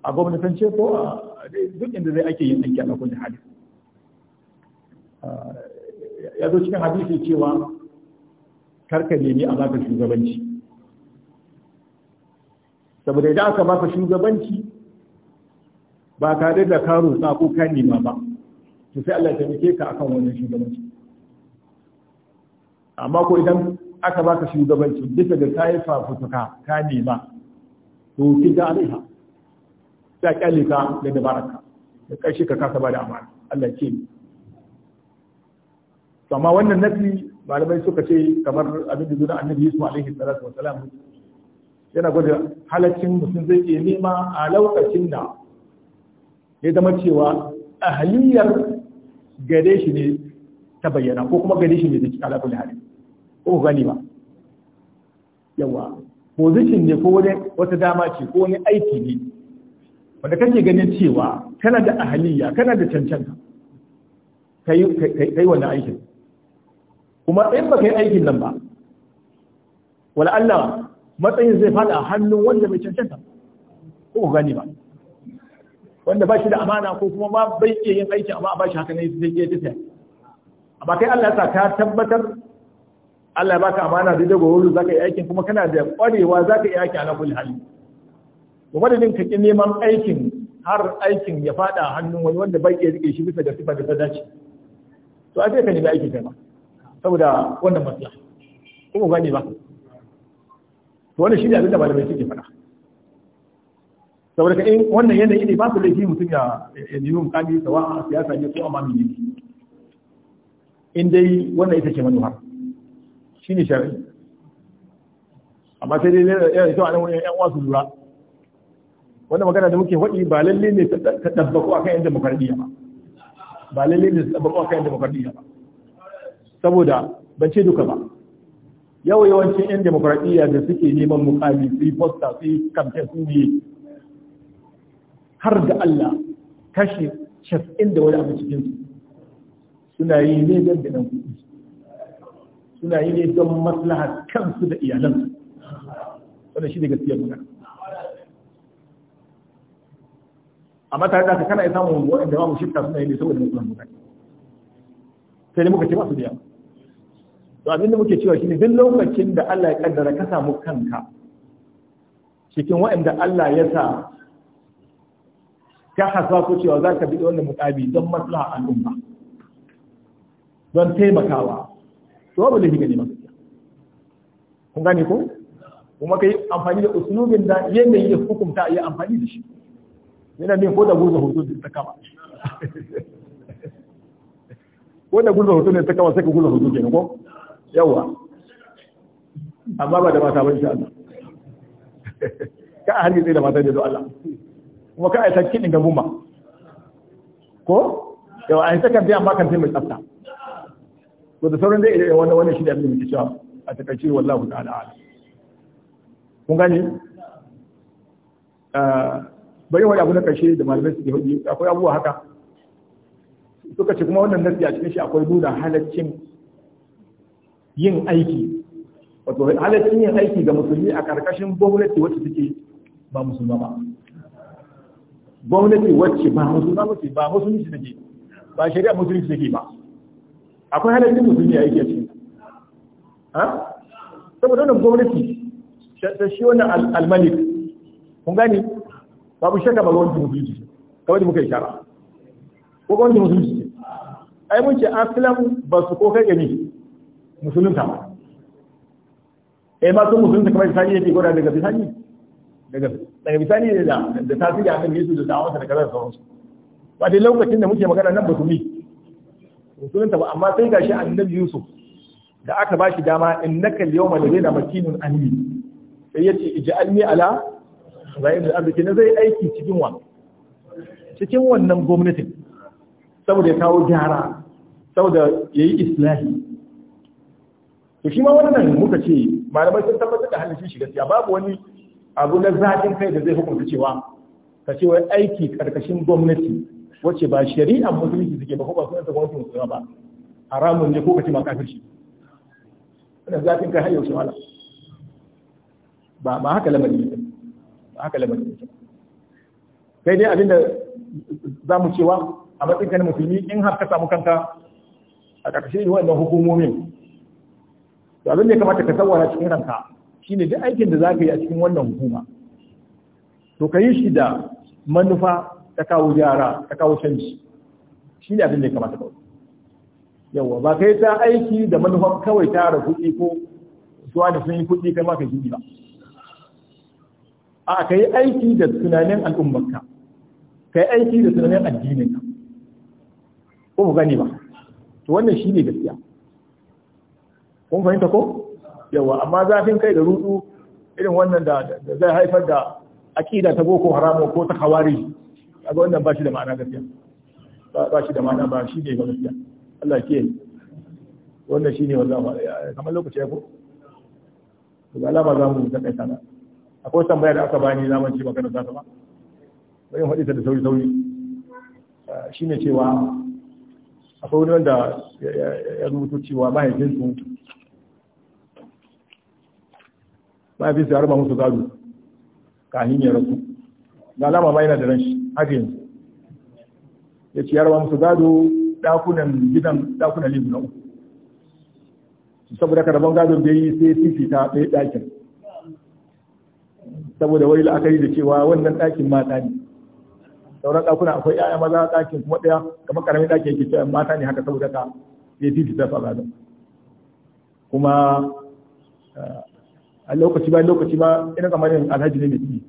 a ce ko a duk inda zai ake yin aiki a lakon hali ya zo cikin hadisi cewa karka nemi a baka shugabanci saboda idan aka baka shugabanci ba tare da karo roƙa ko ka ba to sai Allah ya taimake ka akan wannan shugabanci amma ko idan aka baka shugabanci bisa ga kayi fafutuka ka nema to ki ga alha ta kyale ka da dabaraka da kashi ka kasa ba da amana Allah ya ce to amma wannan nafi malamai suka ce kamar abin da zuwa annabi Yusuf alaihi salatu wasalam yana gwada halaccin mutum zai iya nema a lokacin da ya zama cewa ahliyar gare shi ne ta bayyana ko kuma gare shi ne da ke ala kulli hali ko gani ba yawa position ne ko wani wata dama ce ko wani aiki ne wanda kake ganin cewa kana da ahaliya kana da cancanta kai kai wannan aikin kuma in ba kai aikin nan ba wala Allah matsayin zai fada a hannun wanda bai cancanta ko gani ba wanda ba shi da amana ko kuma ba bai iya yin aiki amma a ba shi haka ne zai iya tafiya amma kai Allah ya sa ka tabbatar Allah ya baka amana da dago wuri zaka yi aikin kuma kana da kwarewa zaka yi aiki a lafiyar hali kuma da ka ki neman aikin har aikin ya fada hannun wani wanda bai iya rike shi bisa da sifa da ta dace to a sai ka nemi aiki kai ma saboda wannan maslaha ko gani ba to wannan shi ne abin da malamai suke faɗa saboda ka in wannan yanayi ne ba su laifi mutum ya nemi mukami sawa a siyasa ne ko a mamin ne in dai wannan ita ce manufa shi ne shari'i amma sai dai yana ita wani wani yan wasu lura wannan magana da muke faɗi ba lalle ne ta tabbako a kan yan demokardiyya ba ba lalle ne ta tabbako a kan yan demokardiyya ba saboda ban ce duka ba yawa yawancin yan demokradiyya da suke neman mukami su yi posta su yi kamfe su yi har ga Allah kashe shaf'in da wani abu su suna yi ne don nan kuɗi suna yi ne don maslaha kansu da iyalansu wannan shi ne gaskiyar magana amma tare da kana isa samun waɗanda da mu shifta suna yi ne saboda maslahan mutane sai ne muka ce masu da to abin da muke cewa shine duk lokacin da Allah ya kaddara ka samu kanka cikin waɗanda Allah ya sa Ka hasa ko cewa za ka bi wannan muƙabi don maslaha al'umma don taimakawa to ba laifi gani masu kun gane ko kuma ka yi amfani da usulubin da yadda yi hukunta ya amfani da shi yana min ko da guza hoto da ta kama ko da guza hoto ne ta kama sai ka gurza hoto kenan ko yawa amma ba da mata ba insha Allah ka a hargitse da mata ne don Allah kuma ka aita kiɗin ga guma ko yawa a yi sakan biya makan sai mai tsafta to da sauran zai iya wani wani shi da muke cewa a takaice wallahu ta'ala ala kun gane eh, bari wani abu na karshe da malamai su ke hudu akwai abubuwa haka suka ce kuma wannan nasi a cikin shi akwai nuna halaccin yin aiki wato halaccin yin aiki ga musulmi a karkashin gwamnati wacce suke ba musulma ba gwamnati wacce ba musulma wacce ba musulunci nake ba shari'a musulunci nake ba akwai halaccin musulmi a yake a cikin ha saboda wannan gwamnati ta shi wannan almalik kun gani babu shakka ba gwamnati musulunci ce kawai da muka yi shara ko gwamnati musulunci ce ai mun ce aslam ba su ko kai gani musulunta ba eh ma sun musulunta kamar sani yake gwada daga bisani daga daga misali ne da da tasiri akan Yesu da da'awarsa da kazar sauransu ba dai lokacin da muke magana nan ba su mi musulunta ba amma sai gashi annabi Yusuf da aka ba shi dama innaka al-yawma ladayna makinun amin sai yace ij'alni ala ra'ayil arziki na zai aiki cikin wa cikin wannan gwamnatin saboda ya kawo gyara saboda yayi islahi to shi ma wannan muka ce malamai sun tabbatar da halin shi gaskiya babu wani abu na zafin kai da zai hukunta cewa ka ce wai aiki karkashin gwamnati wacce ba shari'a musulunci suke ba ko ba sunan gwamnati musulma ba haramun ne ko ka ce ma kafirci wannan zafin kai har yaushe wala ba ba haka lamari ne ba haka lamari ne kai dai abinda za mu cewa a matsayin kan musulmi in har ka samu kanka a ƙarƙashin wannan hukumomin to abin da ya kamata ka tsawara cikin ranka Shi ne duk aikin da za ka yi a cikin wannan hukuma to ka yi shi da manufa ta kawo jara ta kawo canji shi ne abin da ya kamata ba yawa ba kai ta aiki da manufa kawai tara kuɗi ko zuwa da sun yi kuɗi kai ma ka yi ba a ka yi aiki da tunanin al'ummarka ka yi aiki da tunanin addininka ko ba gani ba to wannan shi ne gaskiya kun fahimta ko yawa amma zafin kai da rudu irin wannan da zai haifar da akida ta boko haramu ko ta kawari kaga wannan ba shi da ma'ana gaskiya ba shi da ma'ana ba shi ne gaskiya Allah ke wannan shine wallahi kamar lokaci ya ko ga alama za mu ta kai sana akwai tambaya da aka bani na manci magana za ta ba bayan ta da sauri sauri ah, shine cewa akwai wani wanda ya rubuta cewa mahaifinsu mahaifin su ya raba musu gado kahin ya rasu ga alama ba yana da ran shi haka yanzu ya ce ya musu gado dakunan gidan dakunan libu na uku saboda karban gado da yi sai fifita ɗaya ɗakin saboda wani la'akari da cewa wannan ɗakin mata ne sauran ɗakuna akwai ‘ya'ya maza ɗakin kuma ɗaya kamar ƙaramin ɗakin yake cewa mata ne haka saboda ka ya fifita su a gadon kuma a lokaci bayan lokaci ba ina kamar yin alhaji ne mai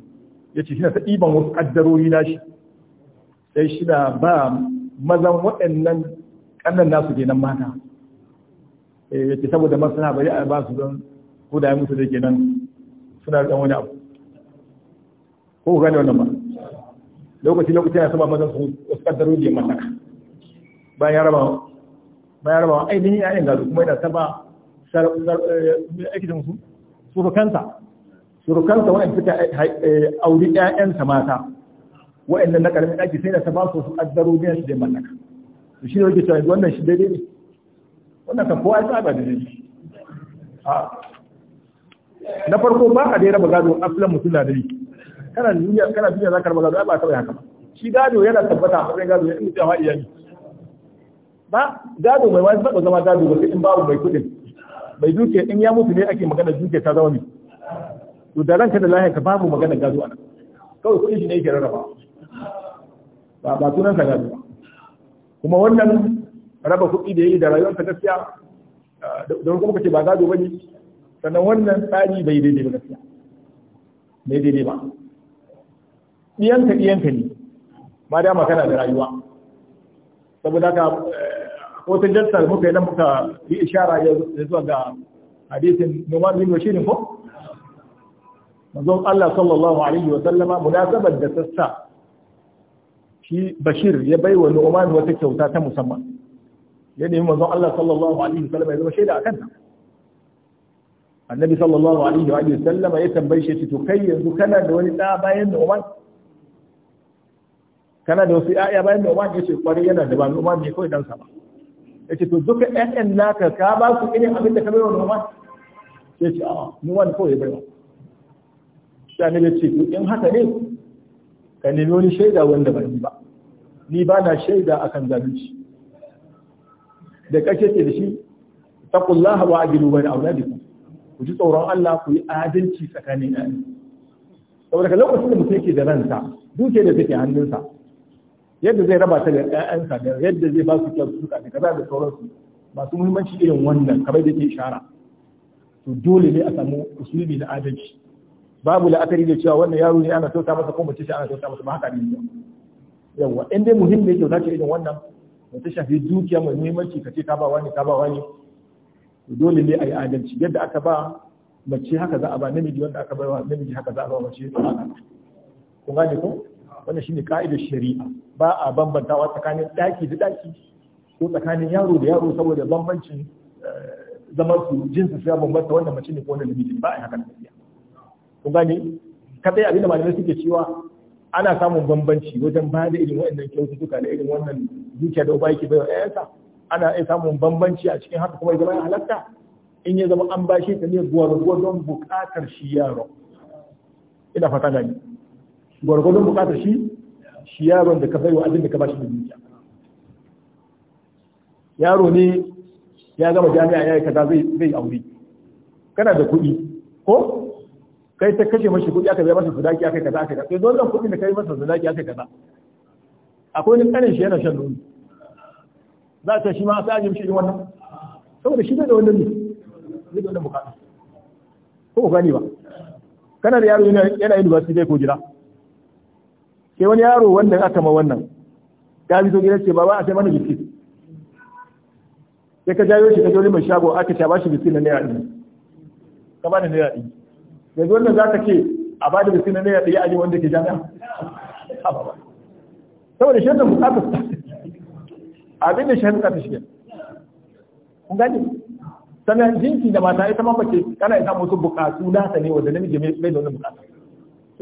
ya ce shi na ta wasu kaddarori na shi sai shi na ba mazan waɗannan ƙannan nasu kenan mata eh, ya ce saboda masana bari a ba su don ko da ya mutu da kenan suna da wani abu ko gane wannan ba lokaci lokaci yana saba mazan su wasu kaddarori ya mata bayan ya raba bayan ya raba ainihin ya'yan gazu kuma yana saba da su surukansa surukansa wa'in suka eh, eh, auri ƴaƴansa mata wa'annan na karamin ɗaki sai da ta ba su su ƙaddaro biyan su da mallaka to shi ne wake cewa wannan shi daidai ne wannan ka kowa ya tsaba da daidai ah. na farko ba a daina magado filan mutum na dare kana duniya kana duniya za ka raba gado ba bai haka ba shi gado yana tabbata a matsayin gado ya inda hawa iyali ba gado mai wani taɓa zama gado ba sai in babu mai kuɗin mai duke in ya mutu ne ake magana duke ta zama ne to da ranka da lahiyar ka babu magana gado a kawai kuɗin shi ne yake rarraba ba ba sunan ka gado kuma wannan raba kuɗi da yayi da rayuwar ta gaskiya don kuma kace ba gado bane sannan wannan tsari bai daidai ba gaskiya bai daidai ba iyanka iyanka ne ma dama kana da rayuwa saboda ka wata jalsa muka idan muka yi ishara ya zuwa ga hadisin Numan bin Bashir ko manzon Allah sallallahu alaihi wa sallama munasabar da sassa shi Bashir ya bai wa Numan wata kyauta ta musamman ya nemi manzon Allah sallallahu alaihi wa sallama ya zama shaida akan ta annabi sallallahu alaihi wa sallama ya tambayi shi to kai yanzu kana da wani ɗa bayan Numan kana da wasu 'ya'ya bayan Numan ce kwari yana da ba Numan ne kawai dan ba yace to duka ƴaƴan naka ka ba su irin abin da ka wa noma ya ce a'a ni wani kawai baiwa sai ne ce to in haka ne ka nemi wani shaida wanda ba ni ba ni ba na shaida akan zalunci da ƙarshe ce da shi taqullaha wa ajilu bayna auladikum ku ji tsoron Allah ku yi adalci tsakanin ɗan saboda lokacin da mutum yake da ransa duke da take hannunsa yadda zai raba ta da ƴaƴansa da yadda zai ba su kyautuka da kaza da sauransu masu muhimmanci irin wannan kamar da ke ishara to dole ne a samu usulubi na adalci babu la'akari da cewa wannan yaro ne ana kyauta masa ko mace ce ana kyauta masa ba haka ne yawa in dai muhimmi ne kyauta ce irin wannan da ta shafi dukiya mai muhimmanci ka ce ka ba wani ka ba wani dole ne a yi adalci yadda aka ba mace haka za a ba namiji wanda aka bai wa namiji haka za a ba mace to haka kun gane ko wannan shine ka'idar shari'a ba a bambantawa tsakanin daki da daki ko tsakanin yaro da yaro saboda bambancin eh, zaman su jinsu sai bambanta wannan mace ne ko wannan namiji ba a haka da kun gane kadai abinda malamai suke cewa ana samun bambanci wajen ba da irin wa'annan kyaututtuka da irin wannan dukiya da uba yake bayar ƴaƴansa ana iya samun bambanci a cikin haka kuma ya zama halatta in ya zama an bashi ta ne gwargwadon buƙatar shi yaro ina fata gani gwargwadon bukatar shi shi yaron da ka bai wa abin da ka bashi da dukiya yaro ne ya gama jami'a ya yi kaza zai aure kana da kuɗi ko kai ta kashe mashi kuɗi aka zai masa sadaki aka kaza aka kaza sai dole kuɗin da kai masa sadaki aka kaza akwai wani kanin shi yana shan nono za ta shi ma sai ajin shi wannan saboda shi da wannan ne zai da wannan bukata ko ba gani ba kana da yaro yana yana university ko gida Ke wani yaro wanda aka ma wannan ta fito gidan ce ba a sai mana biskit sai ka jayo shi ka jori mai shago aka ce ba shi biskit na naira ɗin ka ba da naira ɗin yanzu wannan za ka ke a ba da biskit na naira ɗin a yi wanda ke jami'a saboda shi yadda bukata abin da shi yadda ta shi kun gani sannan jinki da mata ita ma mace kana isa musu bukatu ta ne wanda namiji mai da wani bukatu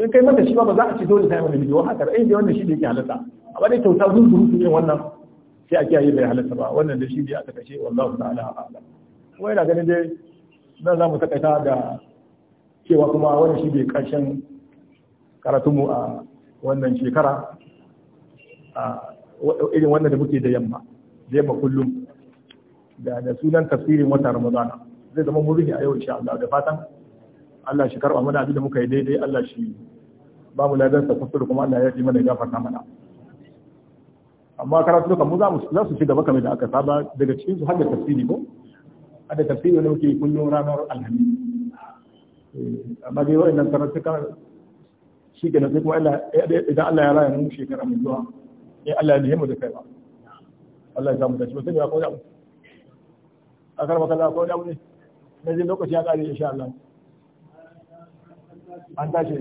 in kai mata shi ba ba za a ci dole sai mai miji wa haka ra'ayi wannan shi ne yake halatta amma dai kyauta zuwa ne wannan sai a kiyaye bai halatta ba wannan da shi ne aka kace wallahu ta'ala a'lam wai da ganin dai nan za mu takaita da cewa kuma wannan shi ne karshen karatunmu a wannan shekara a irin wannan da muke da yamma da yamma kullum da da sunan tafsirin wata ramadana zai zama mun rufe a yau insha Allah da fatan Allah shi karba mana abin da muka yi daidai Allah shi babu ladan sa kusur kuma Allah ya ji mana ya gafarta mana amma karatu duka mu za mu za su ci gaba kamar da aka saba daga cikin su hadda tafsiri ko hadda tafsiri ne muke kullum ranar alhamis eh, amma dai wa'annan karatu kan shi ke sai kuma idan Allah ya rayu mu shekara mai zuwa in eh, Allah ya lihimu da kai ba Allah ya samu da shi ba sai ya koya mu a karba da ko da mu ne na jin lokaci ya kare insha Allah an tashi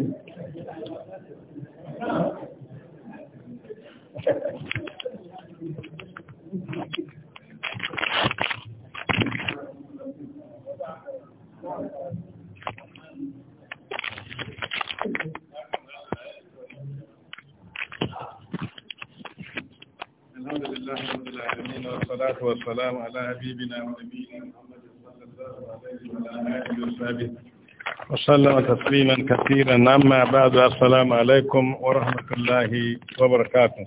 الحمد لله رب العالمين والصلاة والسلام على حبيبنا ونبينا محمد صلى الله عليه وعلى آله وصحبه وسلم تسليما كثيرا أما بعد السلام عليكم ورحمة الله وبركاته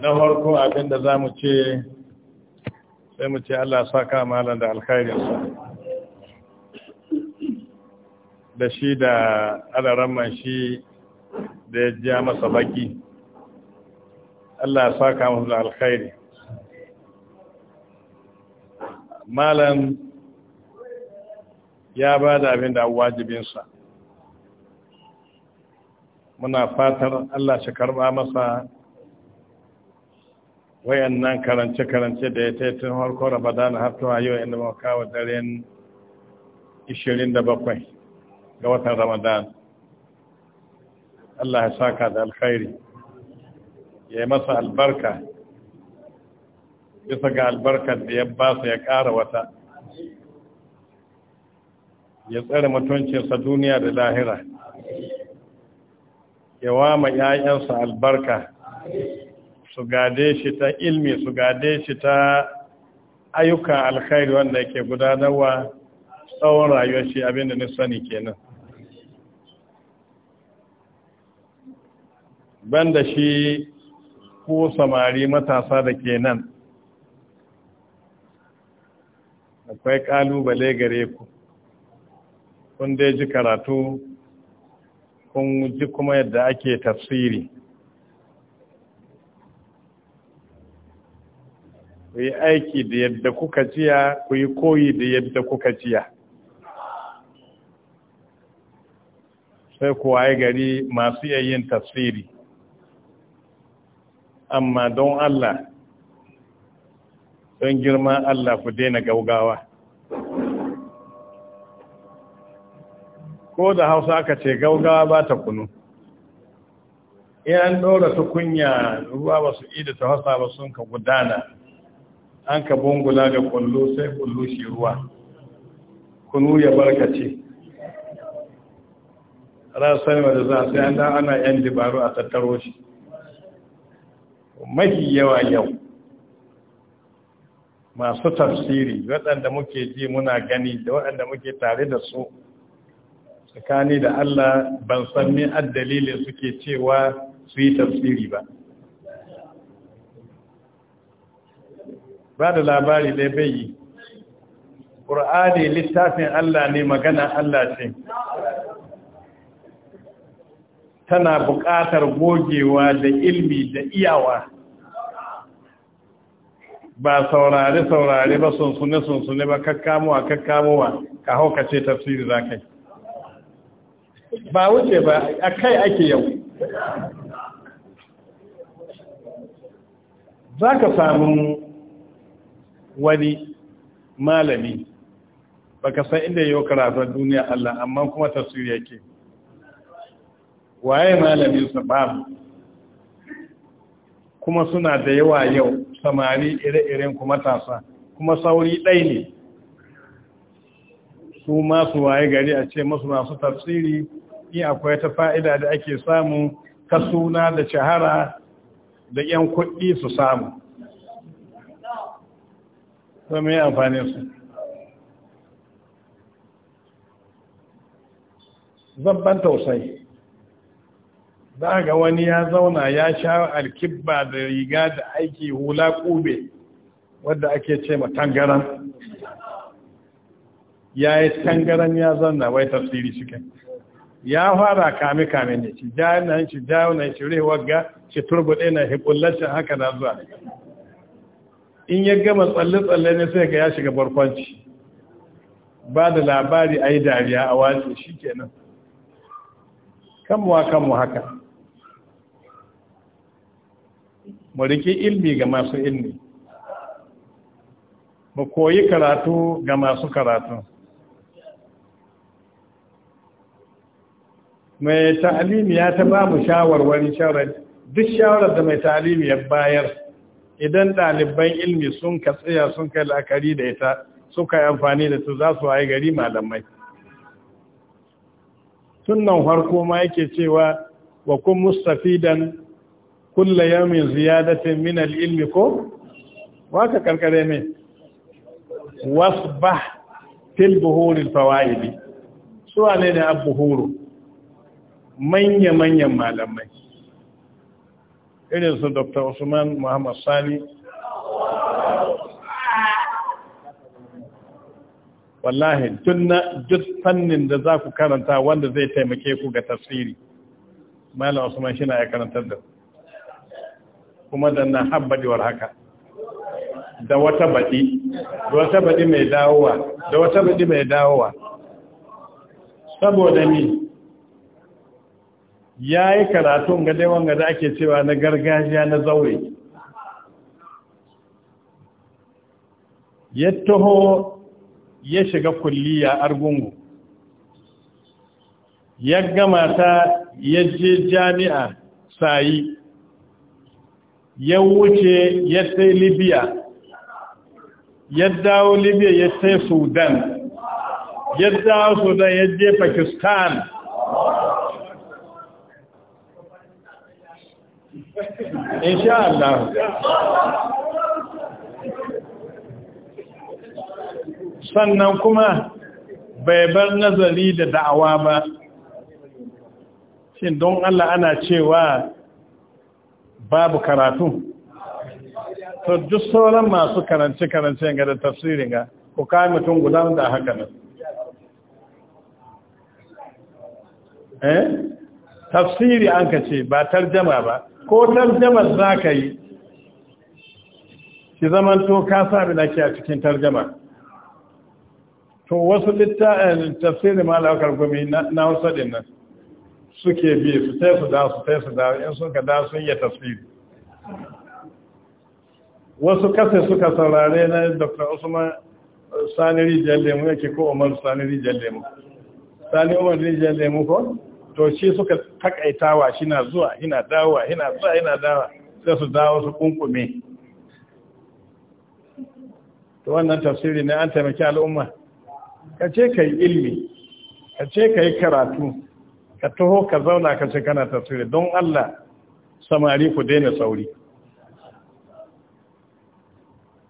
نهاركم أبن دزامتي سيمتي الله ساكا مالا دا الخير da shi da alaramman shi da ya ja masa baki Allah ya saka musu da ya ba da abin da wajibinsa muna fatar Allah shi karba masa wayannan karance-karance da ya taitun harko ramadan har tuwa yau inda maka wa daren 27 ga watan ramadan Allah ya saka da alkhairi ya yi masa albarka bisa ga albarkar da ya ba ya ƙara wata ya tsare mutuncinsa duniya da lahira ya wama ‘ya'yansa albarka su gade shi ta ilmi su gade shi ta ayyuka alkhairi wanda yake gudanarwa tsawon rayuwar shi abinda ni sani kenan banda shi ko samari matasa da ke nan akwai kalubale gare ku kun dai ji karatu kun ji kuma yadda ake tafsiri ku yi aiki da yadda kuka jiya ku yi koyi da yadda kuka jiya sai ku waye gari masu yayin yin tafsiri amma don Allah don girman Allah ku daina gaugawa ko da hausa aka ce gaugawa ba ta kunu yan ta kunya ruwa ba su ida ta hasa ba sun ka gudana an ka bungula ga kullu sai kullu shi ruwa kunu ya barkace rasar da za sai an da ana yan dabaru a tattaro shi mafi yawa yau masu tafsiri waɗanda muke ji muna gani da waɗanda muke tare da su tsakani da Allah ban san ni addalilin suke cewa su yi tafsiri ba ba da labari dai bayi ƙur'ani littafin Allah ne magana Allah ce tana buƙatar gogewa da ilmi da iyawa ba saurare-saurare ba sunsune-sunsune ba kakkamuwa kakkamuwa ka ce tafsiri za kai ba wuce ba a kai ake yau za ka samu wani malami ba san inda yau karatun duniya Allah amma kuma tasiri yake waye malamin su babu kuma suna da yawa yau samari ire-iren kuma tasa kuma sauri ɗai ne su masu waye gari a ce masu masu tafsiri in akwai ta fa'ida da ake samu ta suna da shahara da ‘yan kuɗi su samu ta yi amfani su zabban tausayi za ga wani ya zauna ya sha alkibba da riga da aiki hula ƙube wadda ake ce matangaran ya yi tangaran ya zanna wai tafsiri suke ya fara kame kame ne shi jayo na shi jayo na shi rewa ga shi turbuɗe na hikullacin haka na zuwa in ya gama tsalle-tsalle ne sai ga ya shiga barkwanci ba da labari a yi dariya a wace shi nan kanmuwa kanmu haka mu riƙi ilmi ga masu ilmi mu koyi karatu ga masu karatu mai ta'alimi ya ta ba mu shawarwari shawarar duk shawarar da mai ta'alimi ya bayar idan ɗaliban ilmi sun ka tsaya sun kai la'akari da ita suka yi amfani da su za su haye gari malamai tun nan farko ma yake cewa wa kun mustafidan kulla yamin ziyadatin min al-ilmi ko waka karkare ne wasbah fil buhuril fawaidi su ne da abuhuru manya-manyan malamai irin su dr usman muhammad sani wallahi tunna duk fannin da za ku karanta wanda zai taimake ku ga tasiri malam usman shi na ya karantar da kuma da na habbadiwar haka da wata baɗi da wata baɗi mai dawowa da wata baɗi mai dawowa saboda ni ya yi karatun ga dai ga da ake cewa na gargajiya na zaure ya taho ya shiga kulliya argungu ya gama ta ya je jami'a sayi ya wuce ya sai libya ya dawo libya ya sai sudan ya dawo sudan ya je pakistan insha Allah sannan kuma bai bar nazari da da'awa ba shin don Allah ana cewa babu karatu to duk sauran masu karance-karance ga da tafsirin ga ku kayi mutum guda da haka nan eh tafsiri an ka ce ba tarjama ba ko tarjama za ka yi ki to ka sami ke a cikin tarjama to wasu eh, tafsirin malakar gumi na wasu din nan suke bi su sai su da su sai su da in sun ka da sun yi tafsiri wasu kasa suka saurare na dr usman sani rijiyar lemu yake ko umar sani rijiyar lemu sani umar rijiyar lemu ko to shi suka takaitawa shi na zuwa yana dawa yana zuwa yana dawa sai su dawo su kunkume to wannan tafsiri ne an taimaki al'umma ka ce ka yi ilmi ka ce ka yi karatu ka taho ka zauna ka ce kana tafsiri don Allah samari ku daina sauri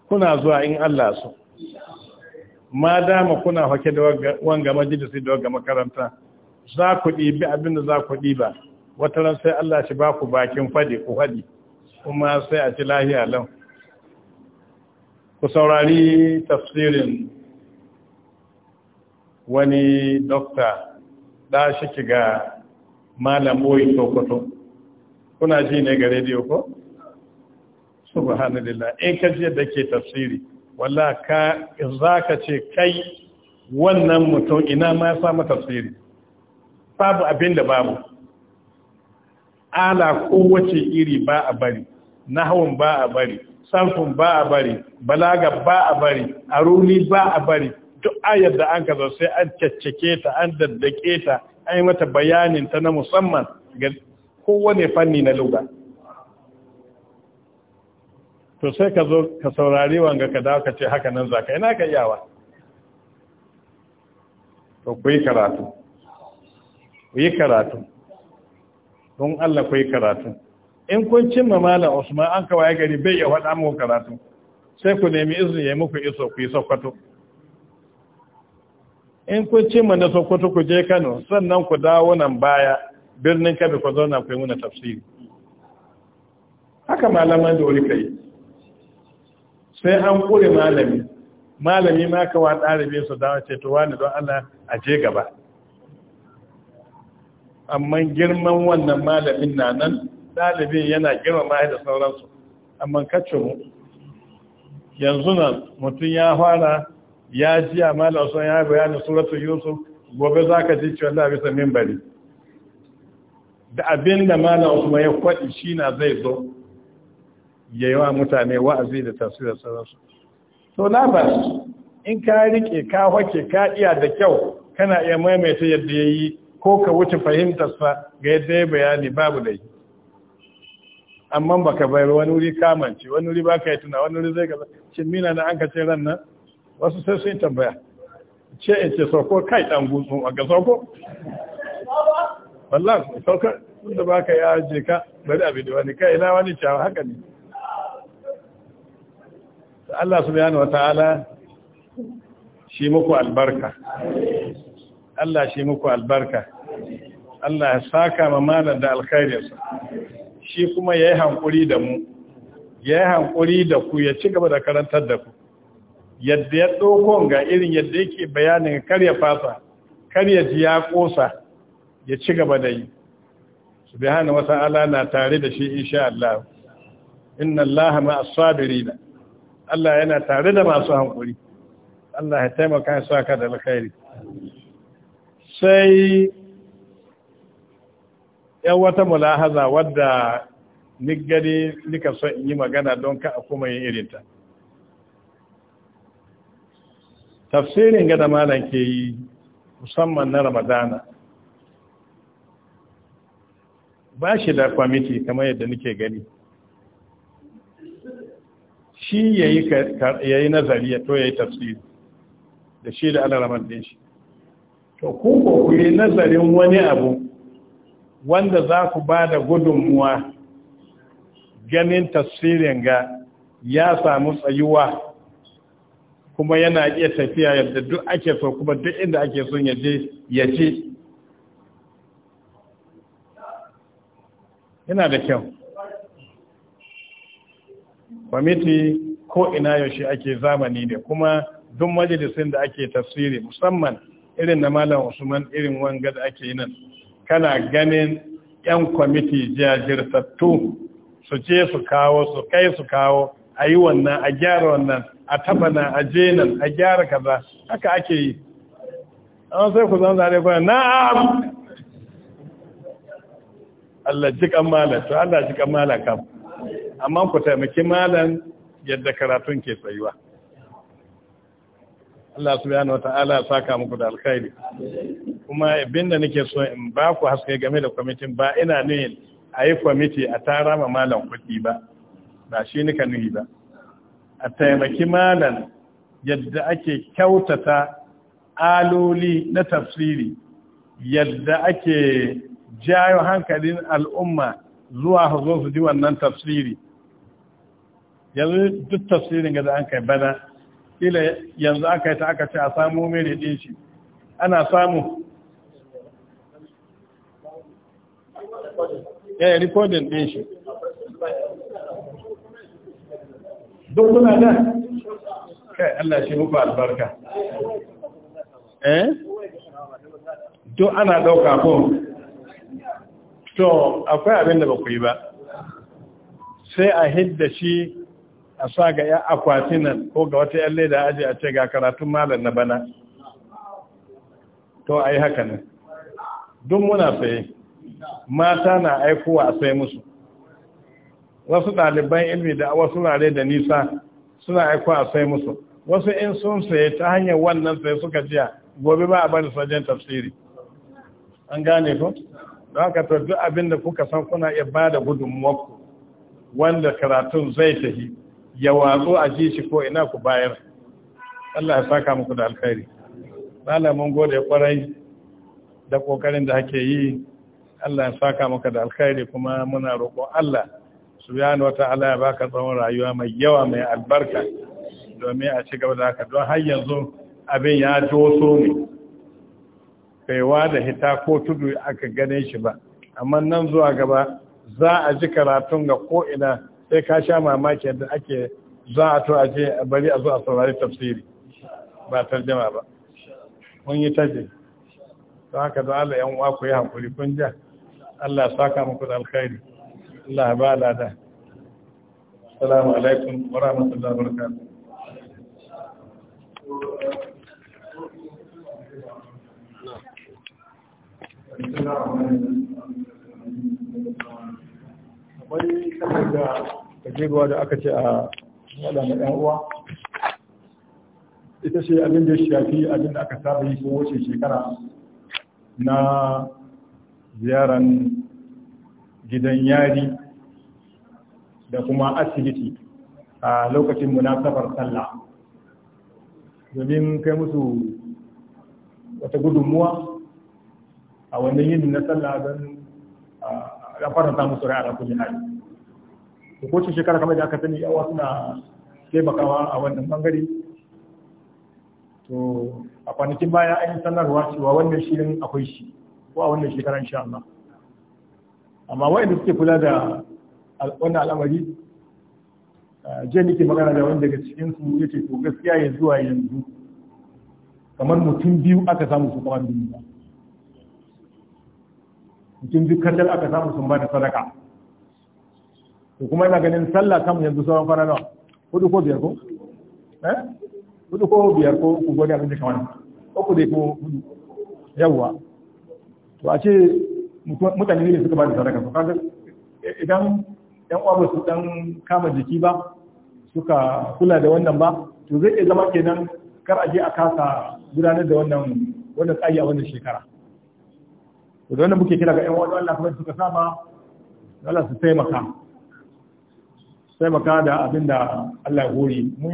kuna zuwa in Allah so ma dama kuna hake da wanga majalisi da wanga makaranta za ku ɗibi abin da za ku ɗiba wata ran sai Allah shi ba ku bakin faɗi ku faɗi kuma sai a ci lahiya lau ku saurari tafsirin wani dokta da shi ga malam oyi tokoto kuna ji ne ga rediyo ko? subhanallah in ka ji yadda ke tafsiri wallah ka za ka ce kai wannan mutum ina ma ya samu tafsiri babu abin da babu ala kowace iri ba a bari nahawun ba a bari sarfin ba a bari balaga ba a bari aruni ba a bari duk ayar da an kaza sai an caccake ta an daddake ta an yi mata bayanin ta na musamman ga kowane fanni na luga to sai ka zo ka saurari wanga ka dawo ka ce haka nan za ka ina ka iyawa to kai karatu ku yi karatu don Allah ku yi karatu in kun cimma malam Usman an kawai gari bai ya faɗa muku karatu sai ku nemi izini ya muku iso ku yi sokoto in kun cimma na sokoto ku je Kano sannan ku dawo nan baya birnin Kabe ku zauna ku yi muna tafsiri haka malaman da wuri kai sai an kure malami malami ma wa ɗalibi su dawo ce to wani don Allah a je gaba amma girman wannan malamin na nan ɗalibin yana girma da sauransu amma kacce mu yanzu nan mutum ya fara ya ji a malasun ya bayanin suratu yusuf gobe za ka ji cewa labisa minbari da abin da malasun ya kwaɗi shi na zai zo ya wa mutane wa'azi da tasirar sauransu to ba in ka rike ka hake ka iya da kyau kana iya maimaita yadda ya yi ko ka wuce fahimtarsa ga yadda ya bayani babu dai amma baka bayar wani wuri kamance wani wuri baka yi tuna wani wuri zai ga shin mina na an ka ce ran nan wasu sai sun tambaya ce in ce sauko kai dan gutsu a ga sauko wallahi sauko tunda baka ya je ka bari abi da wani kai na wani cewa haka ne Allah subhanahu ta'ala shi muku albarka Allah shi muku albarka Allah ya saka ma malam da alkhairinsa shi kuma ya yi hankuri da mu ya yi hankuri da ku ya ci gaba da karantar da ku yadda ya ɗoko ga irin yadda yake bayanin kar ya fasa kar ya ji ya ƙosa ya ci gaba da yi subhanahu wasu ala na tare da shi insha Allah inna Allah ma'as sabirin Allah yana tare da masu hankuri Allah ya taimaka ya saka da alkhairi sai yan wata mulahaza wadda ni gani nika son in yi magana don ka a kuma yin irinta tafsirin gada malam ke yi musamman na ramadana ba shi da kwamiti kamar yadda nike gani shi ya yi nazari ya to ya yi tafsiri da shi da alaraman din shi to ku ko ku yi nazarin wani abu wanda za ku ba da gudunmuwa ganin tasirin ga ya samu tsayuwa kuma yana iya tafiya yadda duk ake so kuma duk inda ake son ya ya ce yana da kyau kwamiti ko ina yaushe ake zamani ne kuma duk majalisun da ake tasiri musamman irin na malam usman irin wanga da ake yi nan kana ganin yan kwamiti jajirtattu su ce su kawo su kai su kawo a yi wannan a gyara wannan a taba na a je nan a gyara kaza haka ake yi an sai ku zan zare kuna na'am Allah ji kan malam to Allah ji kan malam kam amma ku taimaki malam yadda karatun ke tsayuwa Allah subhanahu ala ya saka muku da alkhairi kuma abinda nake so in ba ku haske game da kwamitin ba ina ne a yi kwamiti a tara ma malam kuɗi ba ba shi nika nuhi ba a taimaki malam yadda ake kyautata aloli na tafsiri yadda ake jayo hankalin al'umma zuwa hazo su ji wannan tafsiri yanzu duk tafsirin ga da an kai bana kila yanzu aka yi ta aka ce a samu mere ɗin shi ana samu yi eh, rikodin ɗin shi duk kuna da? kai Allah shi hukwa albarka eh duk ana ɗauka ko to akwai abin da ba ku yi ba sai a hidda shi a sa ga ya akwati nan ko ga wata yalle da aji a ce ga karatun malam na bana to a haka nan duk muna saye mata na aikowa a sai musu wasu ɗaliban ilmi da wasu rare da nisa suna aiko a sai musu wasu in sun saye ta hanyar wannan sai suka jiya gobe ba a bari sajen tafsiri an gane ko don haka to duk abin da kuka san kuna iya ba da gudunmuwarku wanda karatun zai tafi ya watsu a ji shi ko ina ku bayar Allah ya saka muku da alkhairi mun gode kwarai da kokarin da ake yi Allah ya saka maka da alkhairi kuma muna roƙo Allah subhanahu wata'ala ya baka tsawon rayuwa mai yawa mai albarka domin a ci gaba da haka don har yanzu abin ya doso ne kaiwa da hita ko tudu aka gane shi ba amma nan zuwa gaba za a ji karatun ga ko'ina sai ka sha mamaki yadda ake za a to a je bari a zo a saurari tafsiri ba tarjama ba mun yi taje don haka don Allah yan uwa ku yi hankuri kun ja Allah ya saka muku da alkhairi Allah ba da assalamu alaikum wa rahmatullahi wa barakatuh Thank you. wani kasar da da aka ce a yada ɗan uwa ita ce abin da shafi abin da aka saba yi ko wace shekara na ziyaran gidan yari da kuma asibiti a lokacin munasabar sallah domin kai musu wata gudunmuwa a wannan yin na sallah don a ta musu rai ala kulli hali to ko shekara kamar da aka sani yawa suna taimakawa a wannan bangare to a kwanakin baya an yi sanarwa cewa wannan shirin akwai shi ko a wannan shekaran sha Allah amma wa'anda suke kula da wannan al'amari eh, jiya nake magana da wani daga cikin su yace to gaskiya ya zuwa yanzu kamar mutum biyu aka samu su kuma biyu mutum duk kacal aka samu sun ba da sadaka to kuma ina ganin sallah kam yanzu sauran fara nawa hudu ko biyar ko eh hudu ko biyar ko ku gode abin da kamar ku dai ko hudu yawwa to a ce mutane ne suka ba da sadaka to kaga idan yan uwa su dan kama jiki ba suka kula da wannan ba to zai iya zama kenan kar a je a kasa gudanar da wannan wannan tsayi a wannan shekara da wanda muke kira ga ƴan wani Allah kuma suka saba Allah su taimaka taimaka da abin da Allah ya hori mun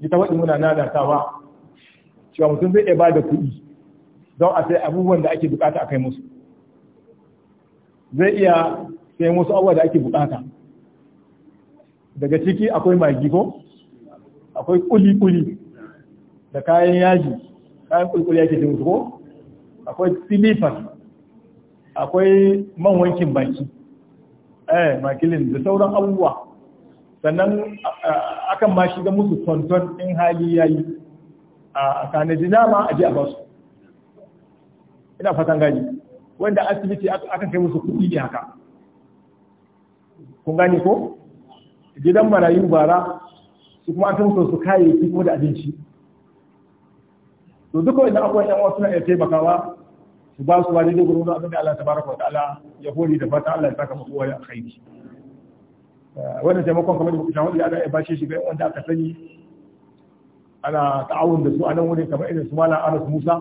yi ta waɗin muna ba, cewa mutum zai iya ba da kuɗi don a sai abubuwan da ake bukata a kai musu zai iya sayan wasu abubuwa da ake bukata daga ciki akwai magi ko akwai kuli-kuli da kayan yaji kayan kuli-kuli yake jin ko akwai silifas akwai man baki eh makilin da sauran abubuwa sannan akan ma shiga musu tonton in hali yayi a tanaji nama a je a basu ina fatan gani wanda asibiti kan kai musu kuɗi ne haka kun gane ko gidan marayu bara su kuma aka musu su kayayyaki kuma da abinci to duka wanda akwai yan wasu na iya taimakawa su ba su ba daidai gurbin abin da Allah ta wa ta'ala ya hori da fata Allah ya saka musu waya alkhairi eh, wannan taimakon kamar da kuka shawo da ya bashe shi ga wanda aka sani ana ta'awun da su a nan wurin kamar irin su malam Anas Musa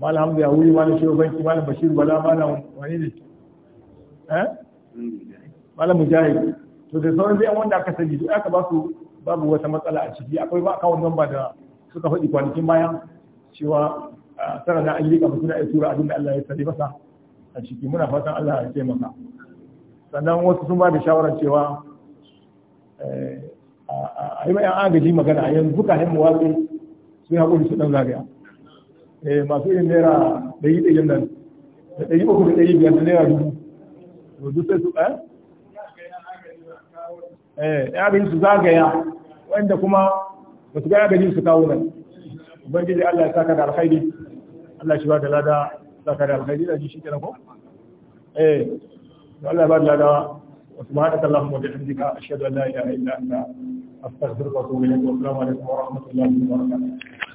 malam Hamza Yahuyi malam Shehu Banki malam Bashir Bala malam wani ne eh malam Mujahid to da sauran zai wanda aka sani duk aka ba su babu wata matsala a ciki akwai ba akawun nan ba da suka faɗi kwanakin baya cewa sannan an yi rika suna ya tura abin da Allah ya sani masa a ciki muna fatan Allah ya ce masa sannan wasu sun ba da shawarar cewa eh, a yi ma'yan agaji magana yanzu ka hin muwatsi sun haƙuri su ɗan zagaya eh, masu irin naira ɗari ɗari nan da ɗari uku da ɗari biyar da naira dubu yanzu sai su ɗaya ya bin su zagaya wanda kuma ba su ga agaji su kawo nan ubangiji Allah ya saka da alkhairi Allah shi ba da lada zaka da alkhairi da shi kenan ko eh Allah ba da lada wa subhanaka allahumma wa bihamdika ashhadu an la ilaha illa anta astaghfiruka wa atubu wa assalamu alaikum wa rahmatullahi wa barakatuh